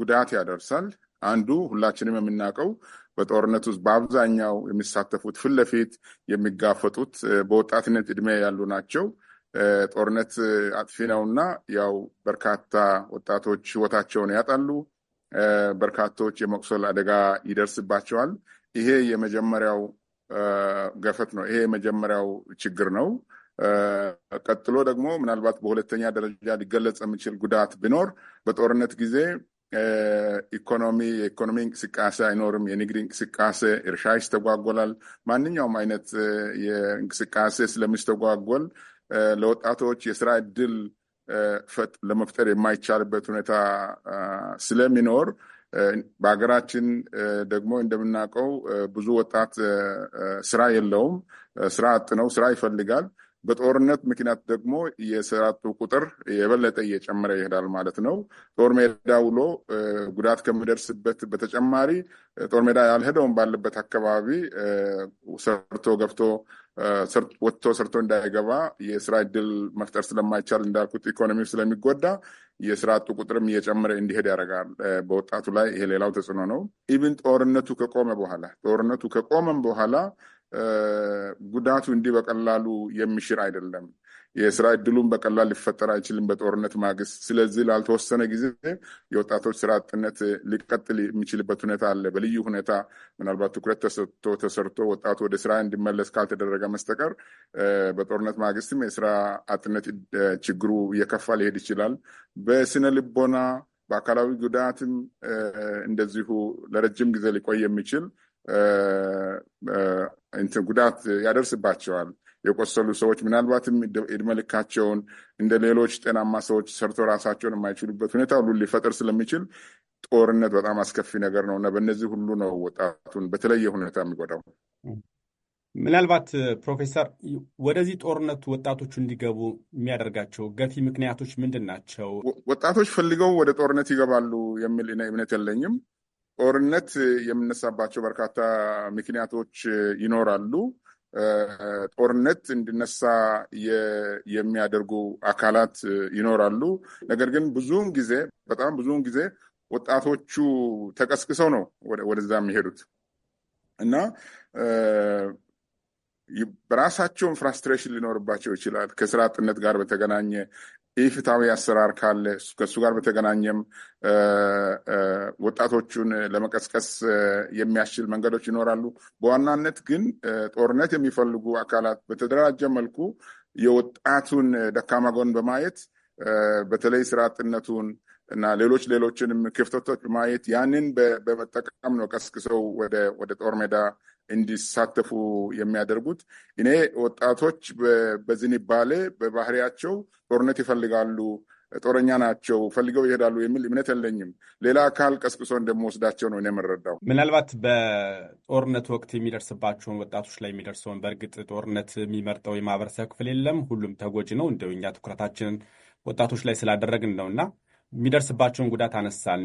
S13: ጉዳት ያደርሳል። አንዱ ሁላችንም የምናውቀው በጦርነት ውስጥ በአብዛኛው የሚሳተፉት ፊት ለፊት የሚጋፈጡት በወጣትነት እድሜ ያሉ ናቸው። ጦርነት አጥፊ ነውና ያው በርካታ ወጣቶች ህይወታቸውን ያጣሉ። በርካቶች የመቁሰል አደጋ ይደርስባቸዋል። ይሄ የመጀመሪያው ገፈት ነው። ይሄ የመጀመሪያው ችግር ነው። ቀጥሎ ደግሞ ምናልባት በሁለተኛ ደረጃ ሊገለጽ የሚችል ጉዳት ቢኖር በጦርነት ጊዜ ኢኮኖሚ eh, የኢኮኖሚ እንቅስቃሴ አይኖርም። የንግድ እንቅስቃሴ፣ እርሻ ይስተጓጎላል። ማንኛውም አይነት eh, የእንቅስቃሴ ስለሚስተጓጎል eh, ለወጣቶች የስራ እድል ለመፍጠር የማይቻልበት ሁኔታ ስለሚኖር በሀገራችን ደግሞ እንደምናውቀው ብዙ ወጣት ስራ የለውም፣ ስራ አጥ ነው፣ ስራ ይፈልጋል። በጦርነት ምክንያት ደግሞ የስራቱ ቁጥር የበለጠ እየጨመረ ይሄዳል ማለት ነው። ጦር ሜዳ ውሎ ጉዳት ከሚደርስበት በተጨማሪ ጦር ሜዳ ያልሄደውን ባለበት አካባቢ ሰርቶ ገብቶ ወጥቶ ሰርቶ እንዳይገባ የስራ እድል መፍጠር ስለማይቻል እንዳልኩት ኢኮኖሚ ስለሚጎዳ የስራ አጡ ቁጥርም እየጨመረ እንዲሄድ ያደርጋል በወጣቱ ላይ። ይሄ ሌላው ተጽዕኖ ነው። ኢብን ጦርነቱ ከቆመ በኋላ ጦርነቱ ከቆመም በኋላ ጉዳቱ እንዲህ በቀላሉ የሚሽር አይደለም። የስራ እድሉን በቀላል ሊፈጠር አይችልም በጦርነት ማግስት። ስለዚህ ላልተወሰነ ጊዜ የወጣቶች ስራ አጥነት ሊቀጥል የሚችልበት ሁኔታ አለ። በልዩ ሁኔታ ምናልባት ትኩረት ተሰጥቶ ተሰርቶ ወጣቱ ወደ ስራ እንዲመለስ ካልተደረገ መስተቀር በጦርነት ማግስትም የስራ አጥነት ችግሩ እየከፋ ሊሄድ ይችላል። በስነ ልቦና፣ በአካላዊ ጉዳትም እንደዚሁ ለረጅም ጊዜ ሊቆይ የሚችል ጉዳት ያደርስባቸዋል። የቆሰሉ ሰዎች ምናልባትም እድሜ ልካቸውን እንደ ሌሎች ጤናማ ሰዎች ሰርቶ ራሳቸውን የማይችሉበት ሁኔታ ሁሉ ሊፈጠር ስለሚችል ጦርነት በጣም አስከፊ ነገር ነው እና በእነዚህ ሁሉ ነው ወጣቱን በተለየ ሁኔታ የሚጎዳው።
S1: ምናልባት ፕሮፌሰር ወደዚህ ጦርነት ወጣቶቹ እንዲገቡ የሚያደርጋቸው ገፊ ምክንያቶች ምንድን ናቸው?
S13: ወጣቶች ፈልገው ወደ ጦርነት ይገባሉ የሚል እምነት የለኝም። ጦርነት የምነሳባቸው በርካታ ምክንያቶች ይኖራሉ። ጦርነት እንዲነሳ የሚያደርጉ አካላት ይኖራሉ። ነገር ግን ብዙውን ጊዜ በጣም ብዙውን ጊዜ ወጣቶቹ ተቀስቅሰው ነው ወደዛ የሚሄዱት እና በራሳቸውን ፍራስትሬሽን ሊኖርባቸው ይችላል። ከስራ አጥነት ጋር በተገናኘ ኢፍትሐዊ አሰራር ካለ ከእሱ ጋር በተገናኘም ወጣቶቹን ለመቀስቀስ የሚያስችል መንገዶች ይኖራሉ። በዋናነት ግን ጦርነት የሚፈልጉ አካላት በተደራጀ መልኩ የወጣቱን ደካማ ጎን በማየት በተለይ ስራ አጥነቱን እና ሌሎች ሌሎችንም ክፍተቶች በማየት ያንን በመጠቀም ነው ቀስቅሰው ወደ ጦር ሜዳ እንዲሳተፉ የሚያደርጉት። እኔ ወጣቶች በዝንባሌ በባህሪያቸው ጦርነት ይፈልጋሉ፣ ጦረኛ ናቸው፣ ፈልገው ይሄዳሉ የሚል እምነት የለኝም። ሌላ አካል ቀስቅሶ እንደሚወስዳቸው ነው የምረዳው።
S1: ምናልባት በጦርነት ወቅት የሚደርስባቸውን ወጣቶች ላይ የሚደርሰውን በእርግጥ ጦርነት የሚመርጠው የማህበረሰብ ክፍል የለም፣ ሁሉም ተጎጂ ነው። እንደው እኛ ትኩረታችንን ወጣቶች ላይ ስላደረግን ነው እና የሚደርስባቸውን ጉዳት አነሳን።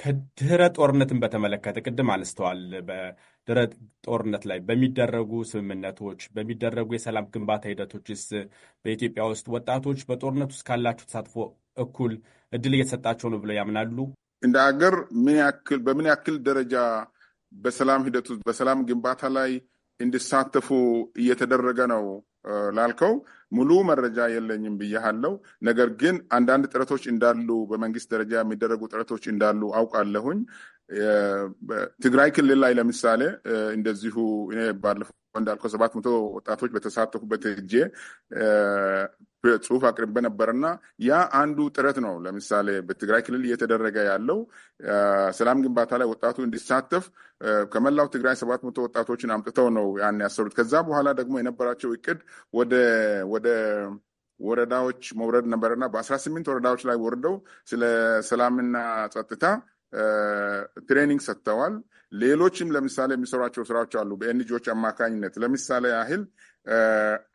S1: ከድህረ ጦርነትን በተመለከተ ቅድም አነስተዋል። በድህረ ጦርነት ላይ በሚደረጉ ስምምነቶች፣ በሚደረጉ የሰላም ግንባታ ሂደቶችስ በኢትዮጵያ ውስጥ ወጣቶች በጦርነት ውስጥ ካላቸው ተሳትፎ እኩል
S13: እድል እየተሰጣቸው ነው ብለው ያምናሉ? እንደ አገር በምን ያክል ደረጃ በሰላም ሂደቱ በሰላም ግንባታ ላይ እንዲሳተፉ እየተደረገ ነው ላልከው ሙሉ መረጃ የለኝም ብያሃለው። ነገር ግን አንዳንድ ጥረቶች እንዳሉ በመንግስት ደረጃ የሚደረጉ ጥረቶች እንዳሉ አውቃለሁኝ። ትግራይ ክልል ላይ ለምሳሌ እንደዚሁ እኔ ባለፈው እንዳልከው ሰባት መቶ ወጣቶች በተሳተፉበት እጄ ጽሁፍ አቅርቤ ነበርና ያ አንዱ ጥረት ነው። ለምሳሌ በትግራይ ክልል እየተደረገ ያለው ሰላም ግንባታ ላይ ወጣቱ እንዲሳተፍ ከመላው ትግራይ ሰባት መቶ ወጣቶችን አምጥተው ነው ያን ያሰሩት። ከዛ በኋላ ደግሞ የነበራቸው እቅድ ወደ ወደ ወረዳዎች መውረድ ነበርና በአስራ ስምንት ወረዳዎች ላይ ወርደው ስለ ሰላምና ጸጥታ ትሬኒንግ ሰጥተዋል። ሌሎችም ለምሳሌ የሚሰሯቸው ስራዎች አሉ። በኤንጂኦች አማካኝነት ለምሳሌ ያህል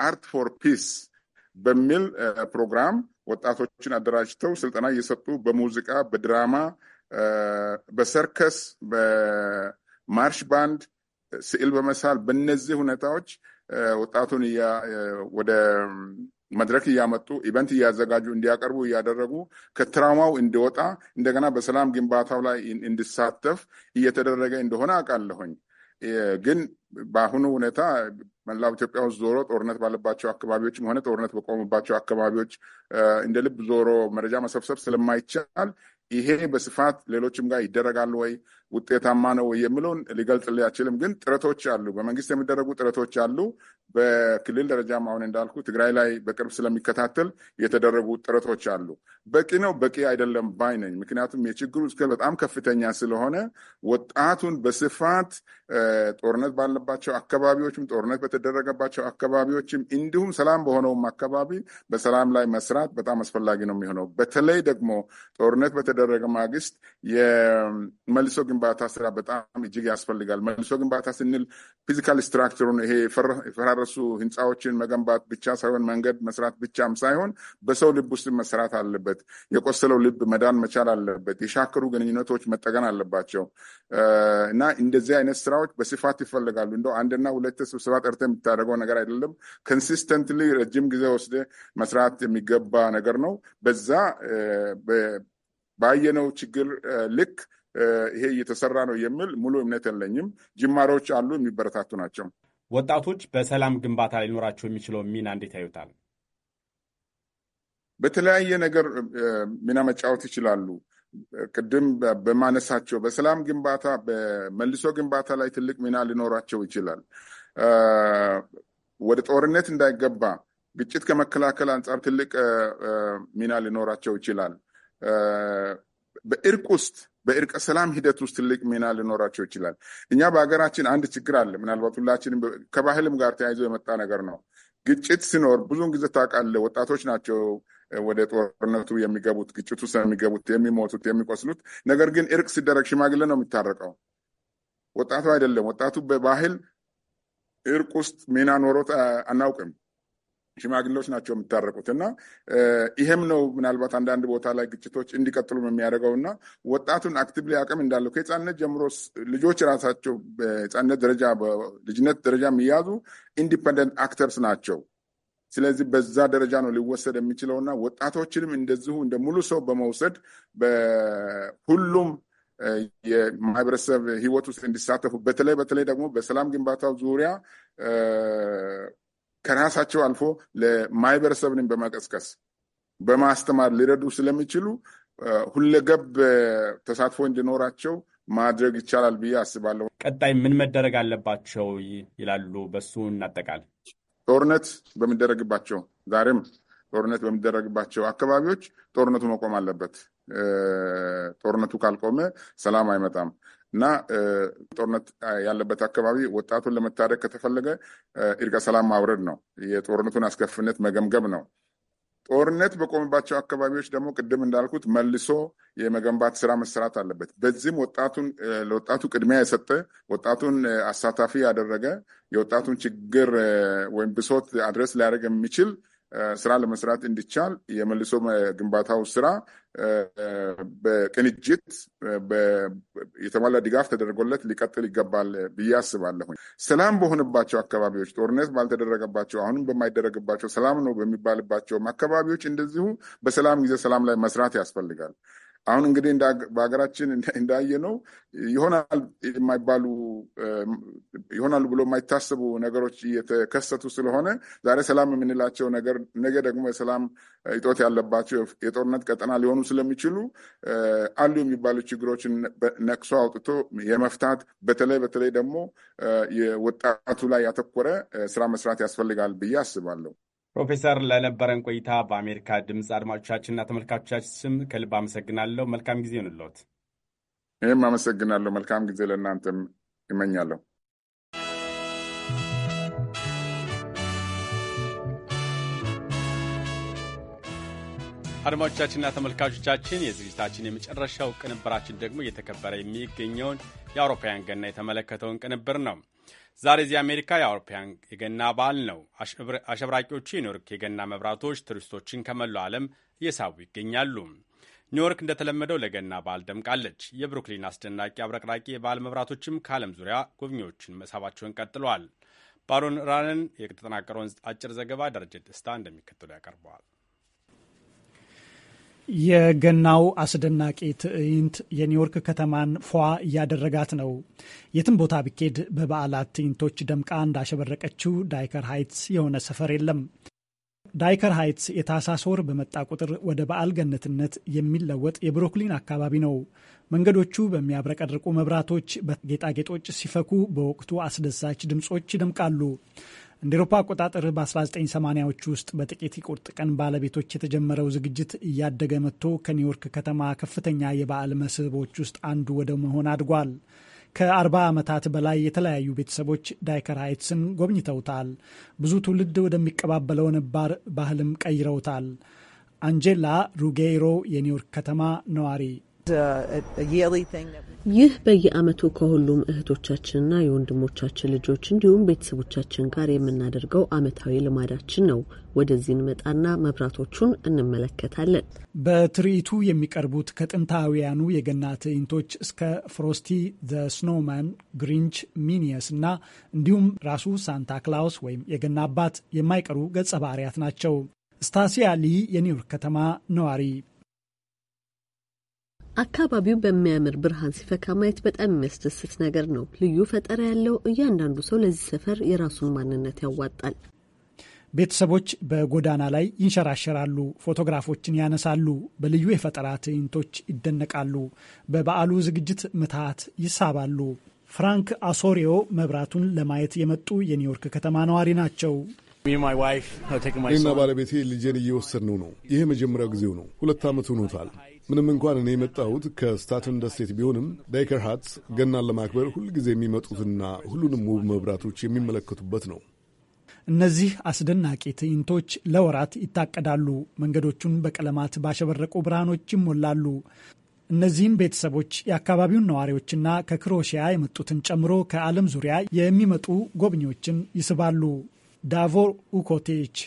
S13: አርት ፎር ፒስ በሚል ፕሮግራም ወጣቶችን አደራጅተው ስልጠና እየሰጡ በሙዚቃ፣ በድራማ፣ በሰርከስ፣ በማርሽ ባንድ፣ ስዕል በመሳል በነዚህ ሁኔታዎች ወጣቱን ወደ መድረክ እያመጡ ኢቨንት እያዘጋጁ እንዲያቀርቡ እያደረጉ ከትራውማው እንዲወጣ እንደገና በሰላም ግንባታው ላይ እንዲሳተፍ እየተደረገ እንደሆነ አውቃለሁኝ። ግን በአሁኑ ሁኔታ መላው ኢትዮጵያ ውስጥ ዞሮ ጦርነት ባለባቸው አካባቢዎችም ሆነ ጦርነት በቆሙባቸው አካባቢዎች እንደ ልብ ዞሮ መረጃ መሰብሰብ ስለማይቻል ይሄ በስፋት ሌሎችም ጋር ይደረጋል ወይ ውጤታማ ነው የሚለውን ሊገልጽልህ አይችልም። ግን ጥረቶች አሉ፣ በመንግስት የሚደረጉ ጥረቶች አሉ። በክልል ደረጃም አሁን እንዳልኩ ትግራይ ላይ በቅርብ ስለሚከታተል የተደረጉ ጥረቶች አሉ። በቂ ነው በቂ አይደለም ባይ ነኝ። ምክንያቱም የችግሩ እስከ በጣም ከፍተኛ ስለሆነ ወጣቱን በስፋት ጦርነት ባለባቸው አካባቢዎችም ጦርነት በተደረገባቸው አካባቢዎችም እንዲሁም ሰላም በሆነውም አካባቢ በሰላም ላይ መስራት በጣም አስፈላጊ ነው የሚሆነው በተለይ ደግሞ ጦርነት በተደረገ ማግስት የመልሶ ግንባ ግንባታ ስራ በጣም እጅግ ያስፈልጋል። መልሶ ግንባታ ስንል ፊዚካል ስትራክቸሩን ይሄ የፈራረሱ ህንፃዎችን መገንባት ብቻ ሳይሆን መንገድ መስራት ብቻም ሳይሆን በሰው ልብ ውስጥ መሰራት አለበት። የቆሰለው ልብ መዳን መቻል አለበት። የሻከሩ ግንኙነቶች መጠገን አለባቸው እና እንደዚህ አይነት ስራዎች በስፋት ይፈልጋሉ። እንደው አንድና ሁለት ስብስባ ጠርተህ የምታደርገው ነገር አይደለም። ኮንሲስተንትሊ ረጅም ጊዜ ወስደ መስራት የሚገባ ነገር ነው። በዛ ባየነው ችግር ልክ ይሄ እየተሰራ ነው የሚል ሙሉ እምነት የለኝም። ጅማሮዎች አሉ፣ የሚበረታቱ ናቸው። ወጣቶች በሰላም ግንባታ ሊኖራቸው የሚችለው ሚና እንዴት ያዩታል? በተለያየ ነገር ሚና መጫወት ይችላሉ። ቅድም በማነሳቸው በሰላም ግንባታ፣ በመልሶ ግንባታ ላይ ትልቅ ሚና ሊኖራቸው ይችላል። ወደ ጦርነት እንዳይገባ ግጭት ከመከላከል አንጻር ትልቅ ሚና ሊኖራቸው ይችላል። በእርቅ ውስጥ በእርቀ ሰላም ሂደት ውስጥ ትልቅ ሚና ሊኖራቸው ይችላል። እኛ በሀገራችን አንድ ችግር አለ። ምናልባት ሁላችንም ከባህልም ጋር ተያይዞ የመጣ ነገር ነው። ግጭት ሲኖር ብዙውን ጊዜ ታውቃለህ፣ ወጣቶች ናቸው ወደ ጦርነቱ የሚገቡት፣ ግጭቱ ስለሚገቡት የሚሞቱት፣ የሚቆስሉት። ነገር ግን እርቅ ሲደረግ ሽማግሌ ነው የሚታረቀው፣ ወጣቱ አይደለም። ወጣቱ በባህል እርቅ ውስጥ ሚና ኖሮት አናውቅም። ሽማግሌዎች ናቸው የሚታረቁት እና ይሄም ነው ምናልባት አንዳንድ ቦታ ላይ ግጭቶች እንዲቀጥሉ የሚያደርገው እና ወጣቱን ላይ አቅም እንዳለው ከህፃንነት ጀምሮ ልጆች ራሳቸው በህፃነት ደረጃ በልጅነት ደረጃ የሚያዙ ኢንዲፐንደንት አክተርስ ናቸው። ስለዚህ በዛ ደረጃ ነው ሊወሰድ የሚችለው እና ወጣቶችንም እንደዚሁ እንደ ሙሉ ሰው በመውሰድ በሁሉም የማህበረሰብ ህይወት ውስጥ እንዲሳተፉ በተለይ በተለይ ደግሞ በሰላም ግንባታው ዙሪያ ከራሳቸው አልፎ ለማህበረሰብንም በመቀስቀስ በማስተማር ሊረዱ ስለሚችሉ ሁለገብ ተሳትፎ እንዲኖራቸው ማድረግ ይቻላል ብዬ አስባለሁ። ቀጣይ
S1: ምን መደረግ አለባቸው ይላሉ? በሱ እናጠቃል።
S13: ጦርነት በሚደረግባቸው ዛሬም ጦርነት በሚደረግባቸው አካባቢዎች ጦርነቱ መቆም አለበት። ጦርነቱ ካልቆመ ሰላም አይመጣም። እና ጦርነት ያለበት አካባቢ ወጣቱን ለመታደግ ከተፈለገ እርቀ ሰላም ማውረድ ነው። የጦርነቱን አስከፊነት መገምገም ነው። ጦርነት በቆመባቸው አካባቢዎች ደግሞ ቅድም እንዳልኩት መልሶ የመገንባት ስራ መሰራት አለበት። በዚህም ወጣቱን ለወጣቱ ቅድሚያ የሰጠ ወጣቱን አሳታፊ ያደረገ የወጣቱን ችግር ወይም ብሶት አድረስ ሊያደርግ የሚችል ስራ ለመስራት እንዲቻል የመልሶ ግንባታው ስራ በቅንጅት የተሟላ ድጋፍ ተደርጎለት ሊቀጥል ይገባል ብዬ አስባለሁኝ። ሰላም በሆነባቸው አካባቢዎች ጦርነት ባልተደረገባቸው አሁንም በማይደረግባቸው ሰላም ነው በሚባልባቸውም አካባቢዎች እንደዚሁ በሰላም ጊዜ ሰላም ላይ መስራት ያስፈልጋል። አሁን እንግዲህ በሀገራችን እንዳየ ነው ይሆናል የማይባሉ ይሆናሉ ብሎ የማይታሰቡ ነገሮች እየተከሰቱ ስለሆነ ዛሬ ሰላም የምንላቸው ነገር ነገ ደግሞ የሰላም እጦት ያለባቸው የጦርነት ቀጠና ሊሆኑ ስለሚችሉ አሉ የሚባሉ ችግሮችን ነቅሶ አውጥቶ የመፍታት በተለይ በተለይ ደግሞ የወጣቱ ላይ ያተኮረ ስራ መስራት ያስፈልጋል ብዬ አስባለሁ።
S1: ፕሮፌሰር ለነበረን ቆይታ በአሜሪካ ድምፅ አድማጮቻችንና ተመልካቾቻችን ስም ከልብ አመሰግናለሁ። መልካም ጊዜ ይሁንልዎት።
S13: ይህም አመሰግናለሁ። መልካም ጊዜ ለእናንተም ይመኛለሁ።
S1: አድማጮቻችንና ተመልካቾቻችን የዝግጅታችን የመጨረሻው ቅንብራችን ደግሞ እየተከበረ የሚገኘውን የአውሮፓውያን ገና የተመለከተውን ቅንብር ነው። ዛሬ እዚህ አሜሪካ የአውሮፓውያን የገና በዓል ነው። አሸብራቂዎቹ የኒውዮርክ የገና መብራቶች ቱሪስቶችን ከመላው ዓለም እየሳቡ ይገኛሉ። ኒውዮርክ እንደተለመደው ለገና በዓል ደምቃለች። የብሩክሊን አስደናቂ አብረቅራቂ የበዓል መብራቶችም ከዓለም ዙሪያ ጎብኚዎችን መሳባቸውን ቀጥለዋል። ባሮን ራንን የተጠናቀረውን አጭር ዘገባ ደረጀ ደስታ እንደሚከተሉ ያቀርበዋል።
S11: የገናው አስደናቂ ትዕይንት የኒውዮርክ ከተማን ፏ እያደረጋት ነው። የትም ቦታ ብኬድ በበዓላት ትዕይንቶች ደምቃ እንዳሸበረቀችው ዳይከር ሃይትስ የሆነ ሰፈር የለም። ዳይከር ሃይትስ የታህሳስ ወር በመጣ ቁጥር ወደ በዓል ገነትነት የሚለወጥ የብሮክሊን አካባቢ ነው። መንገዶቹ በሚያብረቀርቁ መብራቶች፣ በጌጣጌጦች ሲፈኩ፣ በወቅቱ አስደሳች ድምጾች ይደምቃሉ። እንደ ኤሮፓ አቆጣጠር በ 1980 ዎቹ ውስጥ በጥቂት የቁርጥ ቀን ባለቤቶች የተጀመረው ዝግጅት እያደገ መጥቶ ከኒውዮርክ ከተማ ከፍተኛ የበዓል መስህቦች ውስጥ አንዱ ወደ መሆን አድጓል። ከ40 ዓመታት በላይ የተለያዩ ቤተሰቦች ዳይከር ሃይትስን ጎብኝተውታል። ብዙ ትውልድ ወደሚቀባበለው ነባር ባህልም ቀይረውታል። አንጄላ ሩጌይሮ የኒውዮርክ
S10: ከተማ ነዋሪ Uh, ይህ በየዓመቱ ከሁሉም እህቶቻችንና የወንድሞቻችን ልጆች እንዲሁም ቤተሰቦቻችን ጋር የምናደርገው ዓመታዊ ልማዳችን ነው። ወደዚህ እንመጣና መብራቶቹን እንመለከታለን። በትርኢቱ
S11: የሚቀርቡት ከጥንታውያኑ የገና ትዕይንቶች እስከ ፍሮስቲ ዘ ስኖውማን፣ ግሪንች፣ ሚኒየስ እና እንዲሁም ራሱ ሳንታ ክላውስ ወይም የገና አባት የማይቀሩ ገጸ ባህርያት ናቸው። ስታሲያ ሊ የኒውዮርክ ከተማ ነዋሪ
S10: አካባቢው በሚያምር ብርሃን ሲፈካ ማየት በጣም የሚያስደስት ነገር ነው። ልዩ ፈጠራ ያለው እያንዳንዱ ሰው ለዚህ ሰፈር የራሱን ማንነት ያዋጣል።
S11: ቤተሰቦች በጎዳና ላይ ይንሸራሸራሉ፣ ፎቶግራፎችን ያነሳሉ፣ በልዩ የፈጠራ ትዕይንቶች ይደነቃሉ፣ በበዓሉ ዝግጅት ምትሃት ይሳባሉ። ፍራንክ አሶሪዮ መብራቱን ለማየት የመጡ የኒውዮርክ ከተማ ነዋሪ ናቸው።
S9: እኔና ባለቤቴ ልጄን እየወሰድነው ነው። ይሄ መጀመሪያው ጊዜው ነው። ሁለት ዓመት ሆኖታል። ምንም እንኳን እኔ የመጣሁት ከስታትን ደሴት ቢሆንም ዳይከር ሃትስ ገናን ለማክበር ሁልጊዜ የሚመጡትና ሁሉንም ውብ መብራቶች የሚመለከቱበት ነው።
S11: እነዚህ አስደናቂ ትዕይንቶች ለወራት ይታቀዳሉ። መንገዶቹን በቀለማት ባሸበረቁ ብርሃኖች ይሞላሉ። እነዚህም ቤተሰቦች የአካባቢውን ነዋሪዎችና ከክሮኤሽያ የመጡትን ጨምሮ ከዓለም ዙሪያ የሚመጡ ጎብኚዎችን ይስባሉ። ዳቮር ኡኮቴች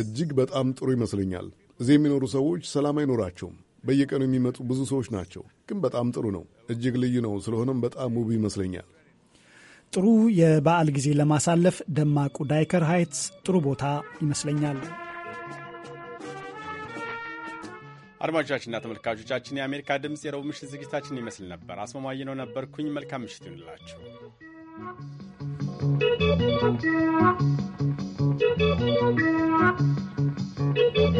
S9: እጅግ በጣም ጥሩ ይመስለኛል። እዚህ የሚኖሩ ሰዎች ሰላም አይኖራቸውም። በየቀኑ የሚመጡ ብዙ ሰዎች ናቸው። ግን በጣም ጥሩ ነው፣ እጅግ ልዩ ነው። ስለሆነም በጣም ውብ ይመስለኛል።
S11: ጥሩ የበዓል ጊዜ ለማሳለፍ ደማቁ ዳይከር ሃይትስ ጥሩ ቦታ ይመስለኛል።
S1: አድማጮቻችንና ተመልካቾቻችን የአሜሪካ ድምፅ የረቡ ምሽት ዝግጅታችን ይመስል ነበር። አስማማኝ ነው ነበርኩኝ። መልካም ምሽት
S2: ይሁንላችሁ።